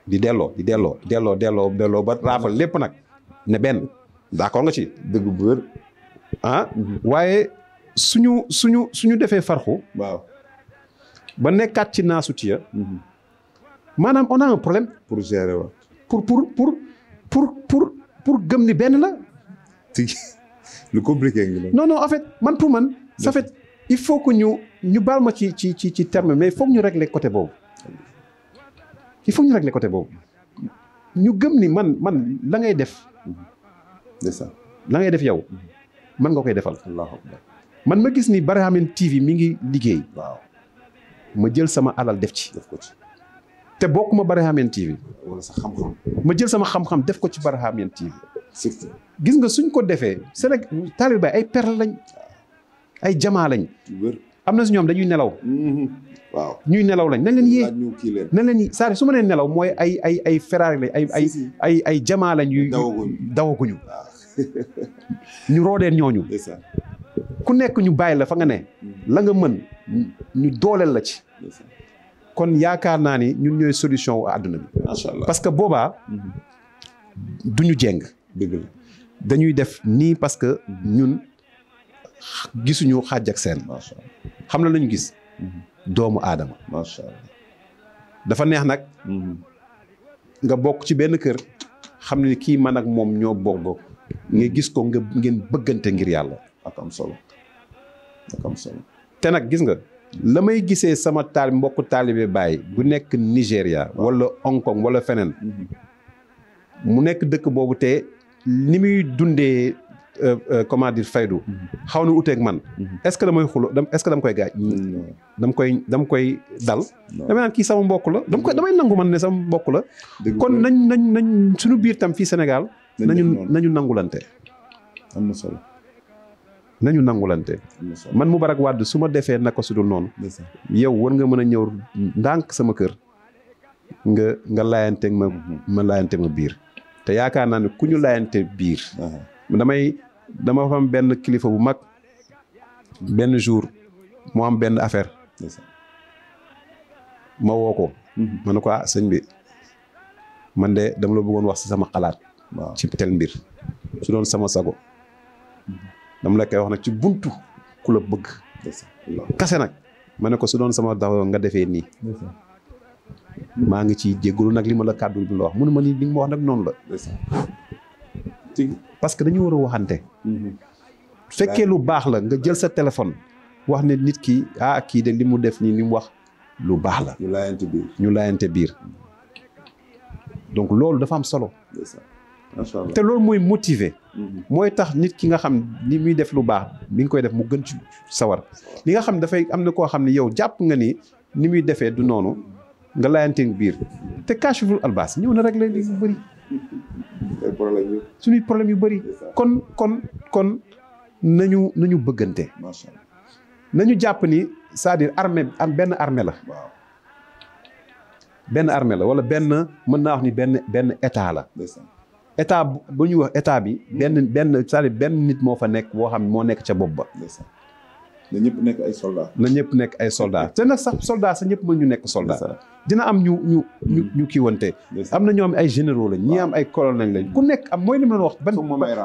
di delloo di delloo delloo delloo delloo ba raafal lépp nag ne benn d'accord nga ci dëgg bu wér ah, mm-hmm. waaye suñu suñu suñu defee farxu waaw ba nekkaat ci naasu tiya mm-hmm. maanaam on problème pour gérer wa pour pour pour pour pour pour gëm ni benn la. lu compliqué non non en fait man pour man. ça fait il faut que ñu ñu baal ma ci ci ci ci terme mais il faut que ñu régler côté bobu il faut que ñu régler côté bobu ñu gëm ni man man la ngay def. c'est ça la ngay def yow man nga koy defal. allahu akbar man ma gis ni Barhamiennes TV mi ngi liggéey. waaw ma jël sama alal def ci. def ko ci. te bokkuma Barhamiennes TV. wala sa xam ma jël sama xam-xam def ko ci Barhamiennes TV. surtout gis nga suñ ko defee Sénégal taalibe ay perle lañ ay jamaa lañ. am na si ñoom dañuy nelaw. Mhm. ñuy nelaw lañ nañ leen yee. nañ leen yee saa su ma nee nelaw mooy ay ay ay Ferrari lañ ay ay ay jamaa lañ. yu dawaguñu ah. <laughs> ñu roodeen ñooñu. ku nekk ñu bàyyi la fa nga ne. Mhm. la nga mën ñu dooleel la ci. kon yaakaar naa ni ñun ñooy solution wu àdduna bi. macha allah parce que boobaa. du jeng. dëgg la dañuy def nii parce que ñun gisuñu xaaj ak seen. macha allah xam na lañu gis. doomu aadama. macha allah dafa neex nag. Mhm. nga bokk ci benn kër. xam ne kii man ak moom ñoo bokk. nga gis ko nga ngeen bëggante ngir yàlla. ak am solo ak am solo. te nag gis nga. la may gisee sama taal mbokku taalibe Baay bu nekk Nigéria wala Hong Kong wala feneen mu nekk dëkk boobu te ni muy dundee euh, euh, comment dire faydu xaw na uteeg man est-ce que damay xulo est-ce dama koy gaaj dam koy dam koy dal damay naan kii sama mbokk la dam koy damay nangu man ne sama mbokk la kon nañ nañ nañ suñu biir tam fii Sénégal nañu nañu nangulante am na solo nañu nangulante man Moubarak Wade su ma defee naka su dul noonu yow war nga mën a ñëw ndànk sama kër nga nga laayante mhm. ma laayante ma biir te yaakaar naa ne ku ñu laayante biir uh-huh. damay dama am benn kilifa bu mag benn jour mu am benn affaire ma woo ko mhm. ma ne ko ah sëñ bi man de dama la buggoon wax si sama xalaat ci tel mbir su doon sama sago mhm. dama la koy wax nag ci buntu ku la bëgg. kase nag ma ne ko su doon sama daw nga defee nii. maa ngi ciy jégalu nag li ma la kàddu bi la wax mënuma ni li ma wax nag noonu la. parce que dañu war a waxante. fekkee lu baax la nga jël sa téléphone. wax ne nit ki ah kii de li mu def nii li mu wax lu baax la. ñu laayante biir ñu laayante biir donc loolu dafa am solo. té lool moy motivé mhm. moy tax nit ki nga xam ni muy def lu baax mi ngi koy def mu gën ci sawar li nga xam dafay am na ko xamni yow japp nga ni ni muy defé du nonu nga layanté biir té kaashiful albas ñu na rek lay li bari suñu problème yu bari kon kon kon nañu nañu bëggante nañu japp ni c'est-à-dire armée am ben armée la ben armée la wala ben mën wax ni ben ben état la état ba ñu wax état bi. Hmm. benn benn cest benn nit moo fa nekk boo xam ne moo nekk ca bopp ba. na ñëpp nekk ay soldat na ñëpp nekk ay soldat <laughs> te nag sax soldaa sax ñëpp ma ñu nekk soldat dina am ñu ñu ñu hmm. ñu kiiwante am na ñoom ay généraux lañ ñii am ay colonel lañ hmm. ku nekk am mooy li ma wax ban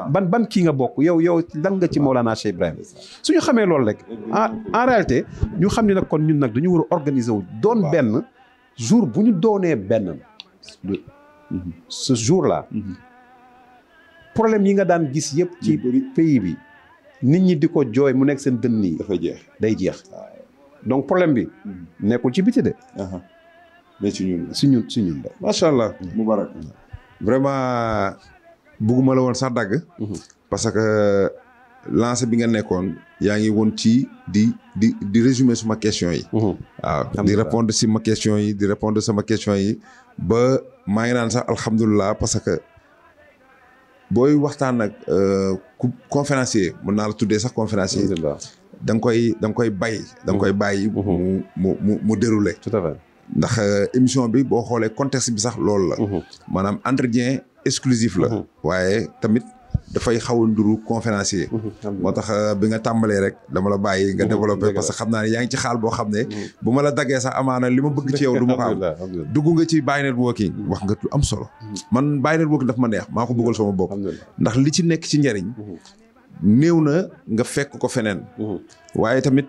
ban ban kii nga bokk yow yow lan nga ci Mawlana Cheikh Ibrahima suñu xamee loolu rek en réalité ñu xam ne nag kon ñun nag dañu war a organiser wu doon benn jour bu ñu doonee benn ce jour là problème yi nga daan gis yëpp ci mm-hmm. pays bi nit ñi di ko jooy mu nekk seen dënn yi dafay jeex day jeex donc problème bi mm-hmm. nekkul ci biti de uh-huh. mais si ñun si ñun macha allah mubarak mm-hmm. vraiment bugguma la woon sax dagg parce que lancé bi nga nekkoon yaa ngi woon ci di di di résumer suma question yi waaw di répondre si ma question yi di répondre sama question yi ba maa ngi naan sax alhamdulilah parce que booy waxtaan nag euh, ku conférencier mën naa la tuddee sax conférencier. da nga koy da nga koy bay. da nga koy mm-hmm. bàyyi. Mm-hmm. mu mu mu mu déroulé. tout à fait ndax euh, émission bi boo xoolee contexte bi sax loolu la. Mm-hmm. maanaam entretien exclusif la. waaye tamit. dafay xaw a nduru conférencier <laughs> moo tax euh, bi nga tàmbalee rek dama la bàyyi nga développé parce que xam naa ne yaa ngi ci xaal boo xam ne mm. bu ma la dagee sax amaana li ma bëgg ci yow du ma ko am dugg nga ci Baye Networking mm. wax nga lu am solo mm. man Baye Networking daf ma neex maa ko bëggal sama bopp ndax li ci nekk ci njariñ mm-hmm. néew na nga fekk ko feneen mm-hmm. waaye tamit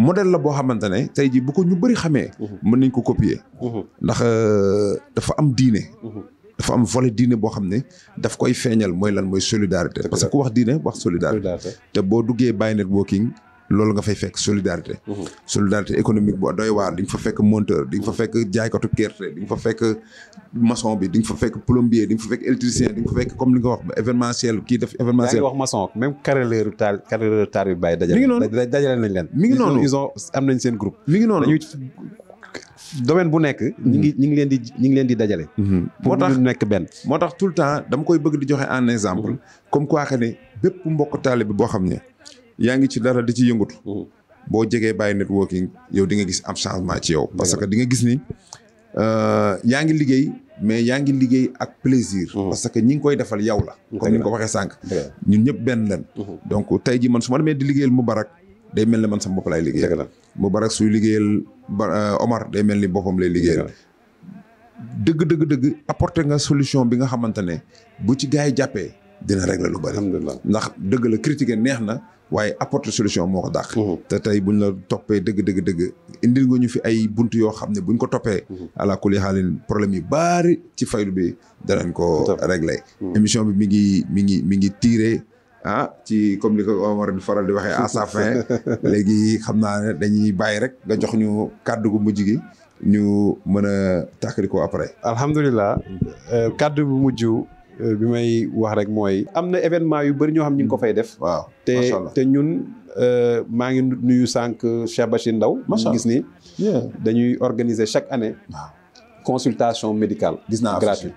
modèle la boo xamante ne tey jii bu ko ñu bari xamee mm-hmm. mën nañ ko copier ndax euh, dafa am diine dafa am fole diine boo xam ne daf koy feeñal mooy lan mooy solidarité parce que ku wax diine wax solidarité te boo duggee Buy Networking loolu nga fay fekk solidarité mhm. solidarité économique boo doy waar di fa fekk monteur di nga fa fekk jaaykatu gerte di nga fa fekk maçon bi di fa fekk plombier di nga fa fekk électricien di fa fekk comme li nga wax événementiel kii def événementiel wax maçon même carreleur taal carreleur taal bi bàyyi dajale mi ngi noonu dajale nañ leen mi noonu am nañ seen domaine bu nekk. ñi ngi ñi ngi leen di ñi ngi leen di dajale. Mm-hmm. Mm-hmm. moo tax nekk benn. moo tax tout le temps dama koy bëgg di joxe en exemple. Mm-hmm. comme quoi que ne bépp mbokk taalibe bi boo xam ne. yaa ngi ci dara di ci yëngatu. boo jegee bàyyi networking yow di nga gis am changement ci yow. parce que di nga gis ni euh, yaa ngi liggéey. mais yaa ngi liggéey ak plaisir. parce que ñi ngi koy defal yow la. comme ñu ngi ko waxee sànq. ñun ñëpp benn lan donc tey ji man su ma demee di mu barak day mel ne man sama bopp laay liggéeyal mu barak suy liggéeyal ba euh, Omar day mel ni boppam lay liggéeyal dëgg dëgg dëgg apporter nga solution bi nga xamante ne bu ci gars yi jàppee dina régler lu bari ndax dëgg la critiquer neex na waaye apporter solution moo ko dàq te tey buñ la toppee dëgg dëgg dëgg indil nga ñu fi ay bunt yoo xam ne buñ ko toppee ala kulli xaalin problème yu baari ci faydu bi danañ ko régler émission bi mi ngi mi ngi mi ngi tiiree ah ci comme li ko Omar di faral di waxee en sa <laughs> fin léegi xam naa ne dañuy bàyyi rek nga jox ñu kàddu gu mujj gi ñu mën a tàkkali ko après. alhamdulilah euh, kàddu bu mujj euh, bi may wax rek mooy. am na événement yu bëri ñoo xam ñi ngi ko fay def. waaw te te ñun euh, maa ngi nuyu sànq Cheikh Bachir Ndaw gis nii dañuy organiser chaque année. consultation médicale. gis naa gratuite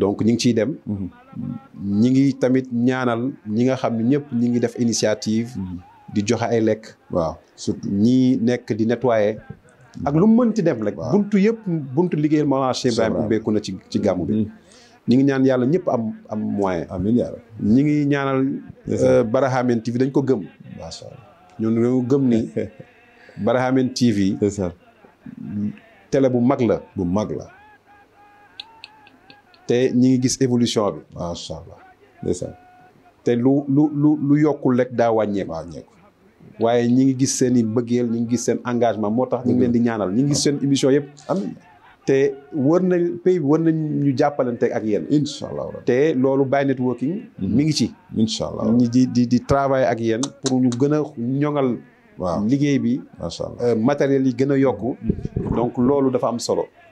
donc ñi ngi ciy dem ñi ngi tamit ñaanal ñi nga xam ne ñëpp ñi ngi def initiative mm-hmm. di joxe ay lekk waaw surtout ñi nekk di nettoyer ak lu mu mënti dem rek buntu yëpp buntu liggéeyal Mawlana Cheikh Ibrahima na ci ci gàmmu bi mm-hmm. ñi ngi ñaan yàlla ñëpp am am moyen amiin ngi ñaanal euh, Barhamiennes TV dañ ko gëm masha Allah ñun dañu gëm ni <laughs> Barhamiennes TV tele bu mag la bu mag la te ñi ngi gis évolution bi. macha allah te lu lu lu lu yokkul rek daa wàññeek wàññeeku waaye ñi ngi gis seen i bëggeel ñi ngi gis seen engagement moo tax. ñu ngi leen di ñaanal ñi ngi gis seen émission yëpp am te wër na pays bi nañ ñu jàppalante ak yéen. incha allah te loolu Baye networking. Mhm. mi ngi ci. incha allah ñi di di di travail ak yéen pour ñu gën a ñoŋal. waaw liggéey bi. macha allah euh, matériel yi gën a yokku. Mhm. donc loolu dafa am solo.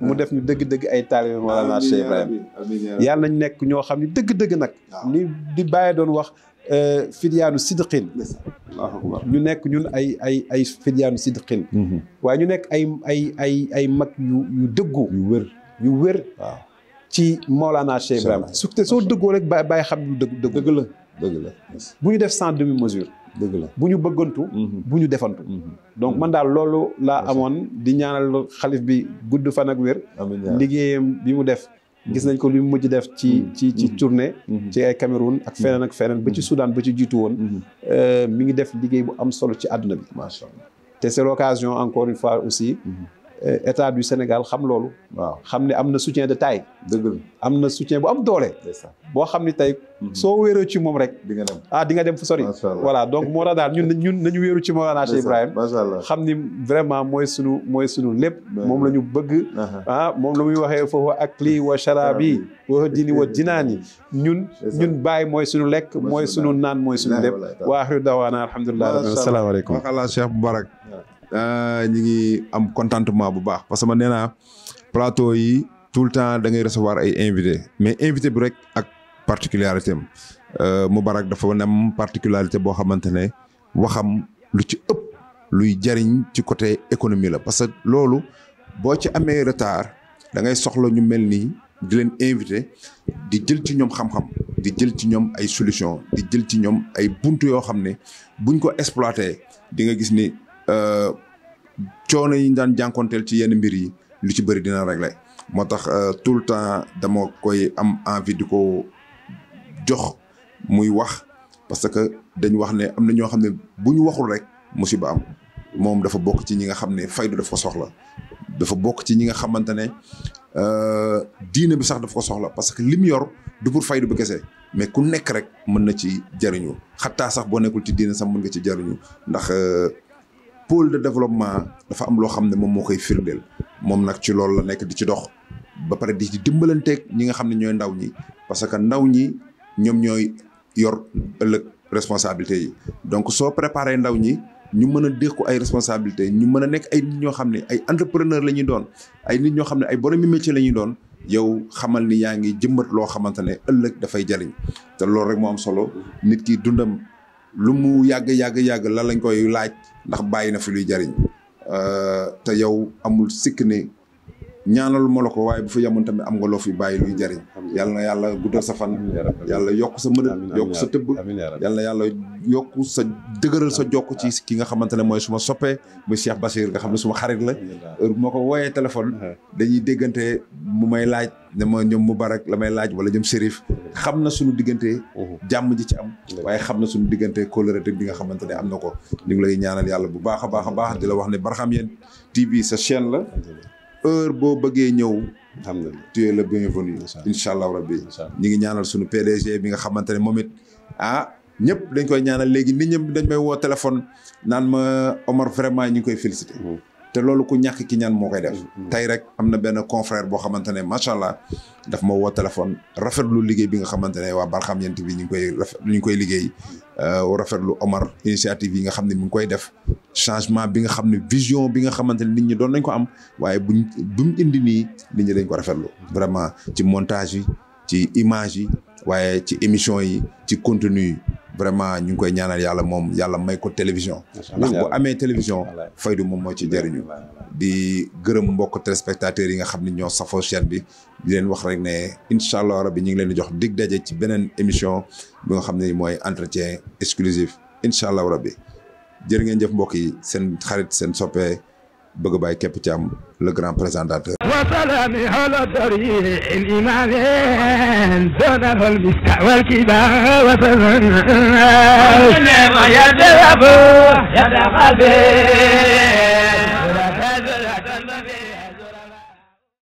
mu def ñu dëgg-dëgg ay taalibe Mawlana Cheikh ibrahim yàlla nañ nek ño xamni ne dëgg-dëgg nag li di baye doon wax fidyanu sidqin ñu nek ñun ay ay ay fidyanu sidqin waaye ñu nek ay ay ay ay mak yu yu dëggu yu wër yu wër ci molana Cheikh ibrahim su te soo dëggoo rek baye xam ñu dëgg dëgg la dëgg la bu ñu def sans demi mesure dëgg la bu ñu bëggantu mhm. bu ñu defantu mhm. donc man daal loolu laa amoon di ñaanal xalif bi gudd fan ak wér liggéeyam bi mu def mhm. gis nañ ko li mu mujj def ci ci ci tournée ci ay Cameroun ak feneen ak feneen ba ci Soudan ba ci jiitu woon euh, mi ngi def liggéey bu am solo ci àdduna bi macha allah te c'est l'occasion encore une fois aussi état du Sénégal xam lolu waaw xam ne am soutien de taille. deugul amna soutien bu am doole. bo xam ne tey. soo wéeroo ci mom rek. di nga dem ah di nga dem fu sori. voilà donc mo tax daal ñun ñun nañu wéro ci Mawlana Cheikh Ibrahim. macha xam ni vraiment moy sunu moy sunu lépp. mom lañu bëgg. ah mom lu muy waxe fofu ak lii wa sharabi wa dini wa dinaani ñun. ñun bay moy sunu lek moy sunu nan moy sunu lépp. wa akhir dawana alhamdullilah assalamu alaykum wa khala Cheikh mubarak Ah, ñu ngi am contentement bu baax parce que man nee naa plateau yi tout le temps da ngay recevoir ay invité mais invité bi rek ak particularité am euh, Moubarak dafa nem particularité boo xamante ne waxam lu ci ëpp luy jariñ ci côté économie la parce que loolu boo ci amee retard da ngay soxla ñu mel nii di leen invité di jël ci ñoom xam-xam di jël ci ñoom ay solution di jël ci ñoom ay buntu yoo xam ne buñ ko exploité di nga gis ni Euh, coono yi ñu daan jànkonteel ci yenn mbir yi lu ci bëri dina réglé moo tax euh, tout le temps dama koy am envie di ko jox muy wax parce que dañu wax ne am na ñoo xam ne bu ñu waxul rek musiba am moom dafa bokk ci ñi nga xam ne faydu daf ko soxla dafa bokk ci ñi nga xamante ne euh, diine bi sax daf ko soxla parce que lim yor du pour faydu bi kese mais ku nekk rek mën na ci jariñu xattaa sax boo nekkul ci diine sax mën nga ci jariñu ndax pôle de développement dafa am loo xam ne moom moo koy firndeel moom nag ci loolu la nekk di ci dox ba pare di ci dimbalanteeg ñi nga xam ne ñooy ndaw ñi parce que ndaw ñi ñoom ñooy yor ëllëg responsabilité yi donc soo préparé ndaw ñi ñu mën a ko ay responsabilité ñu mën a nekk ay nit ñoo xam ne ay entrepreneur la ñuy doon ay nit ñoo xam ne ay boromi métier la ñuy doon yow xamal ni yaa ngi jëmbat loo xamante ne ëllëg dafay jariñ te loolu rek moo am solo nit ki dundam lu mu yàgg yàgg yàgg lan lañ koy laaj ndax bàyyi na fi luy jariñ te yow amul sikk ne ñaanal ma la ko waaye bu fa yemoon tamit am nga loo bàyyi luy jariñ yal na yàlla guddal sa fan yàlla yokk sa mënal yokk sa tëbb yal na yàlla yokk sa dëgëral sa jokk ci ki nga xamante ne mooy suma soppee muy Cheikh Bassir nga xam ne suma xarit la heure bu ma ko wooyee téléphone uh-huh. dañuy déggante mu may laaj ne ma ñoom Mubarak la may laaj wala ñoom Chérif xam na suñu diggante uh-huh. jàmm ji ci am waaye xam na suñu diggante coloré bi nga xamante ne am na ko ñu ngi lay ñaanal yàlla bu baax a baax a baax di la wax ne Barham Yéene TV sa chaîne la heure boo bëggee ñëw. xam nga tu es le bienvenu. incha allah rabbi ñu ngi ñaanal suñu PDG bi nga xamante ne moom it ah. ñëpp dañ koy ñaanal léegi nit ñëpp dañ may woo téléphone naan ma Omar vraiment ñu ngi koy félicité. Mm. te loolu ku ñàkk ki ñaan moo koy def. Mm, mm. tey rek am na benn confrère boo xamante ne macha allah daf ma woo téléphone rafetlu liggéey bi nga xamante ne waa Barxam Yent bi ñu ngi koy rafet ñu ngi koy liggéey euh, rafetlu Omar initiative yi nga xam ne mi ngi koy def changement bi nga xam ne vision bi nga xamante ne nit ñi doon nañ ko am waaye buñ buñ indi nii nit ñi dañ ko rafetlu vraiment ci montage yi ci image yi waaye ci émission yi ci contenu yi vraiment ñu ngi koy ñaanal yàlla moom yàlla may ko télévision ndax bu amee télévision faydu moom moo ci jëriñu di gërëm mbokk te téléspectateurs yi nga xam ne ñoo safo chaîne bi di leen wax rek ne incha allah rabbi ñu ngi leen di jox dig daje ci beneen émission bi nga xam ne mooy entretien exclusif incha allah rabbi jërë ngeen jëf mbokk yi seen xarit seen soppee bëgg bàyyi képp ci am le grand présentateur wasalaami ala dari in imamen donalol miska walkiba wasaaa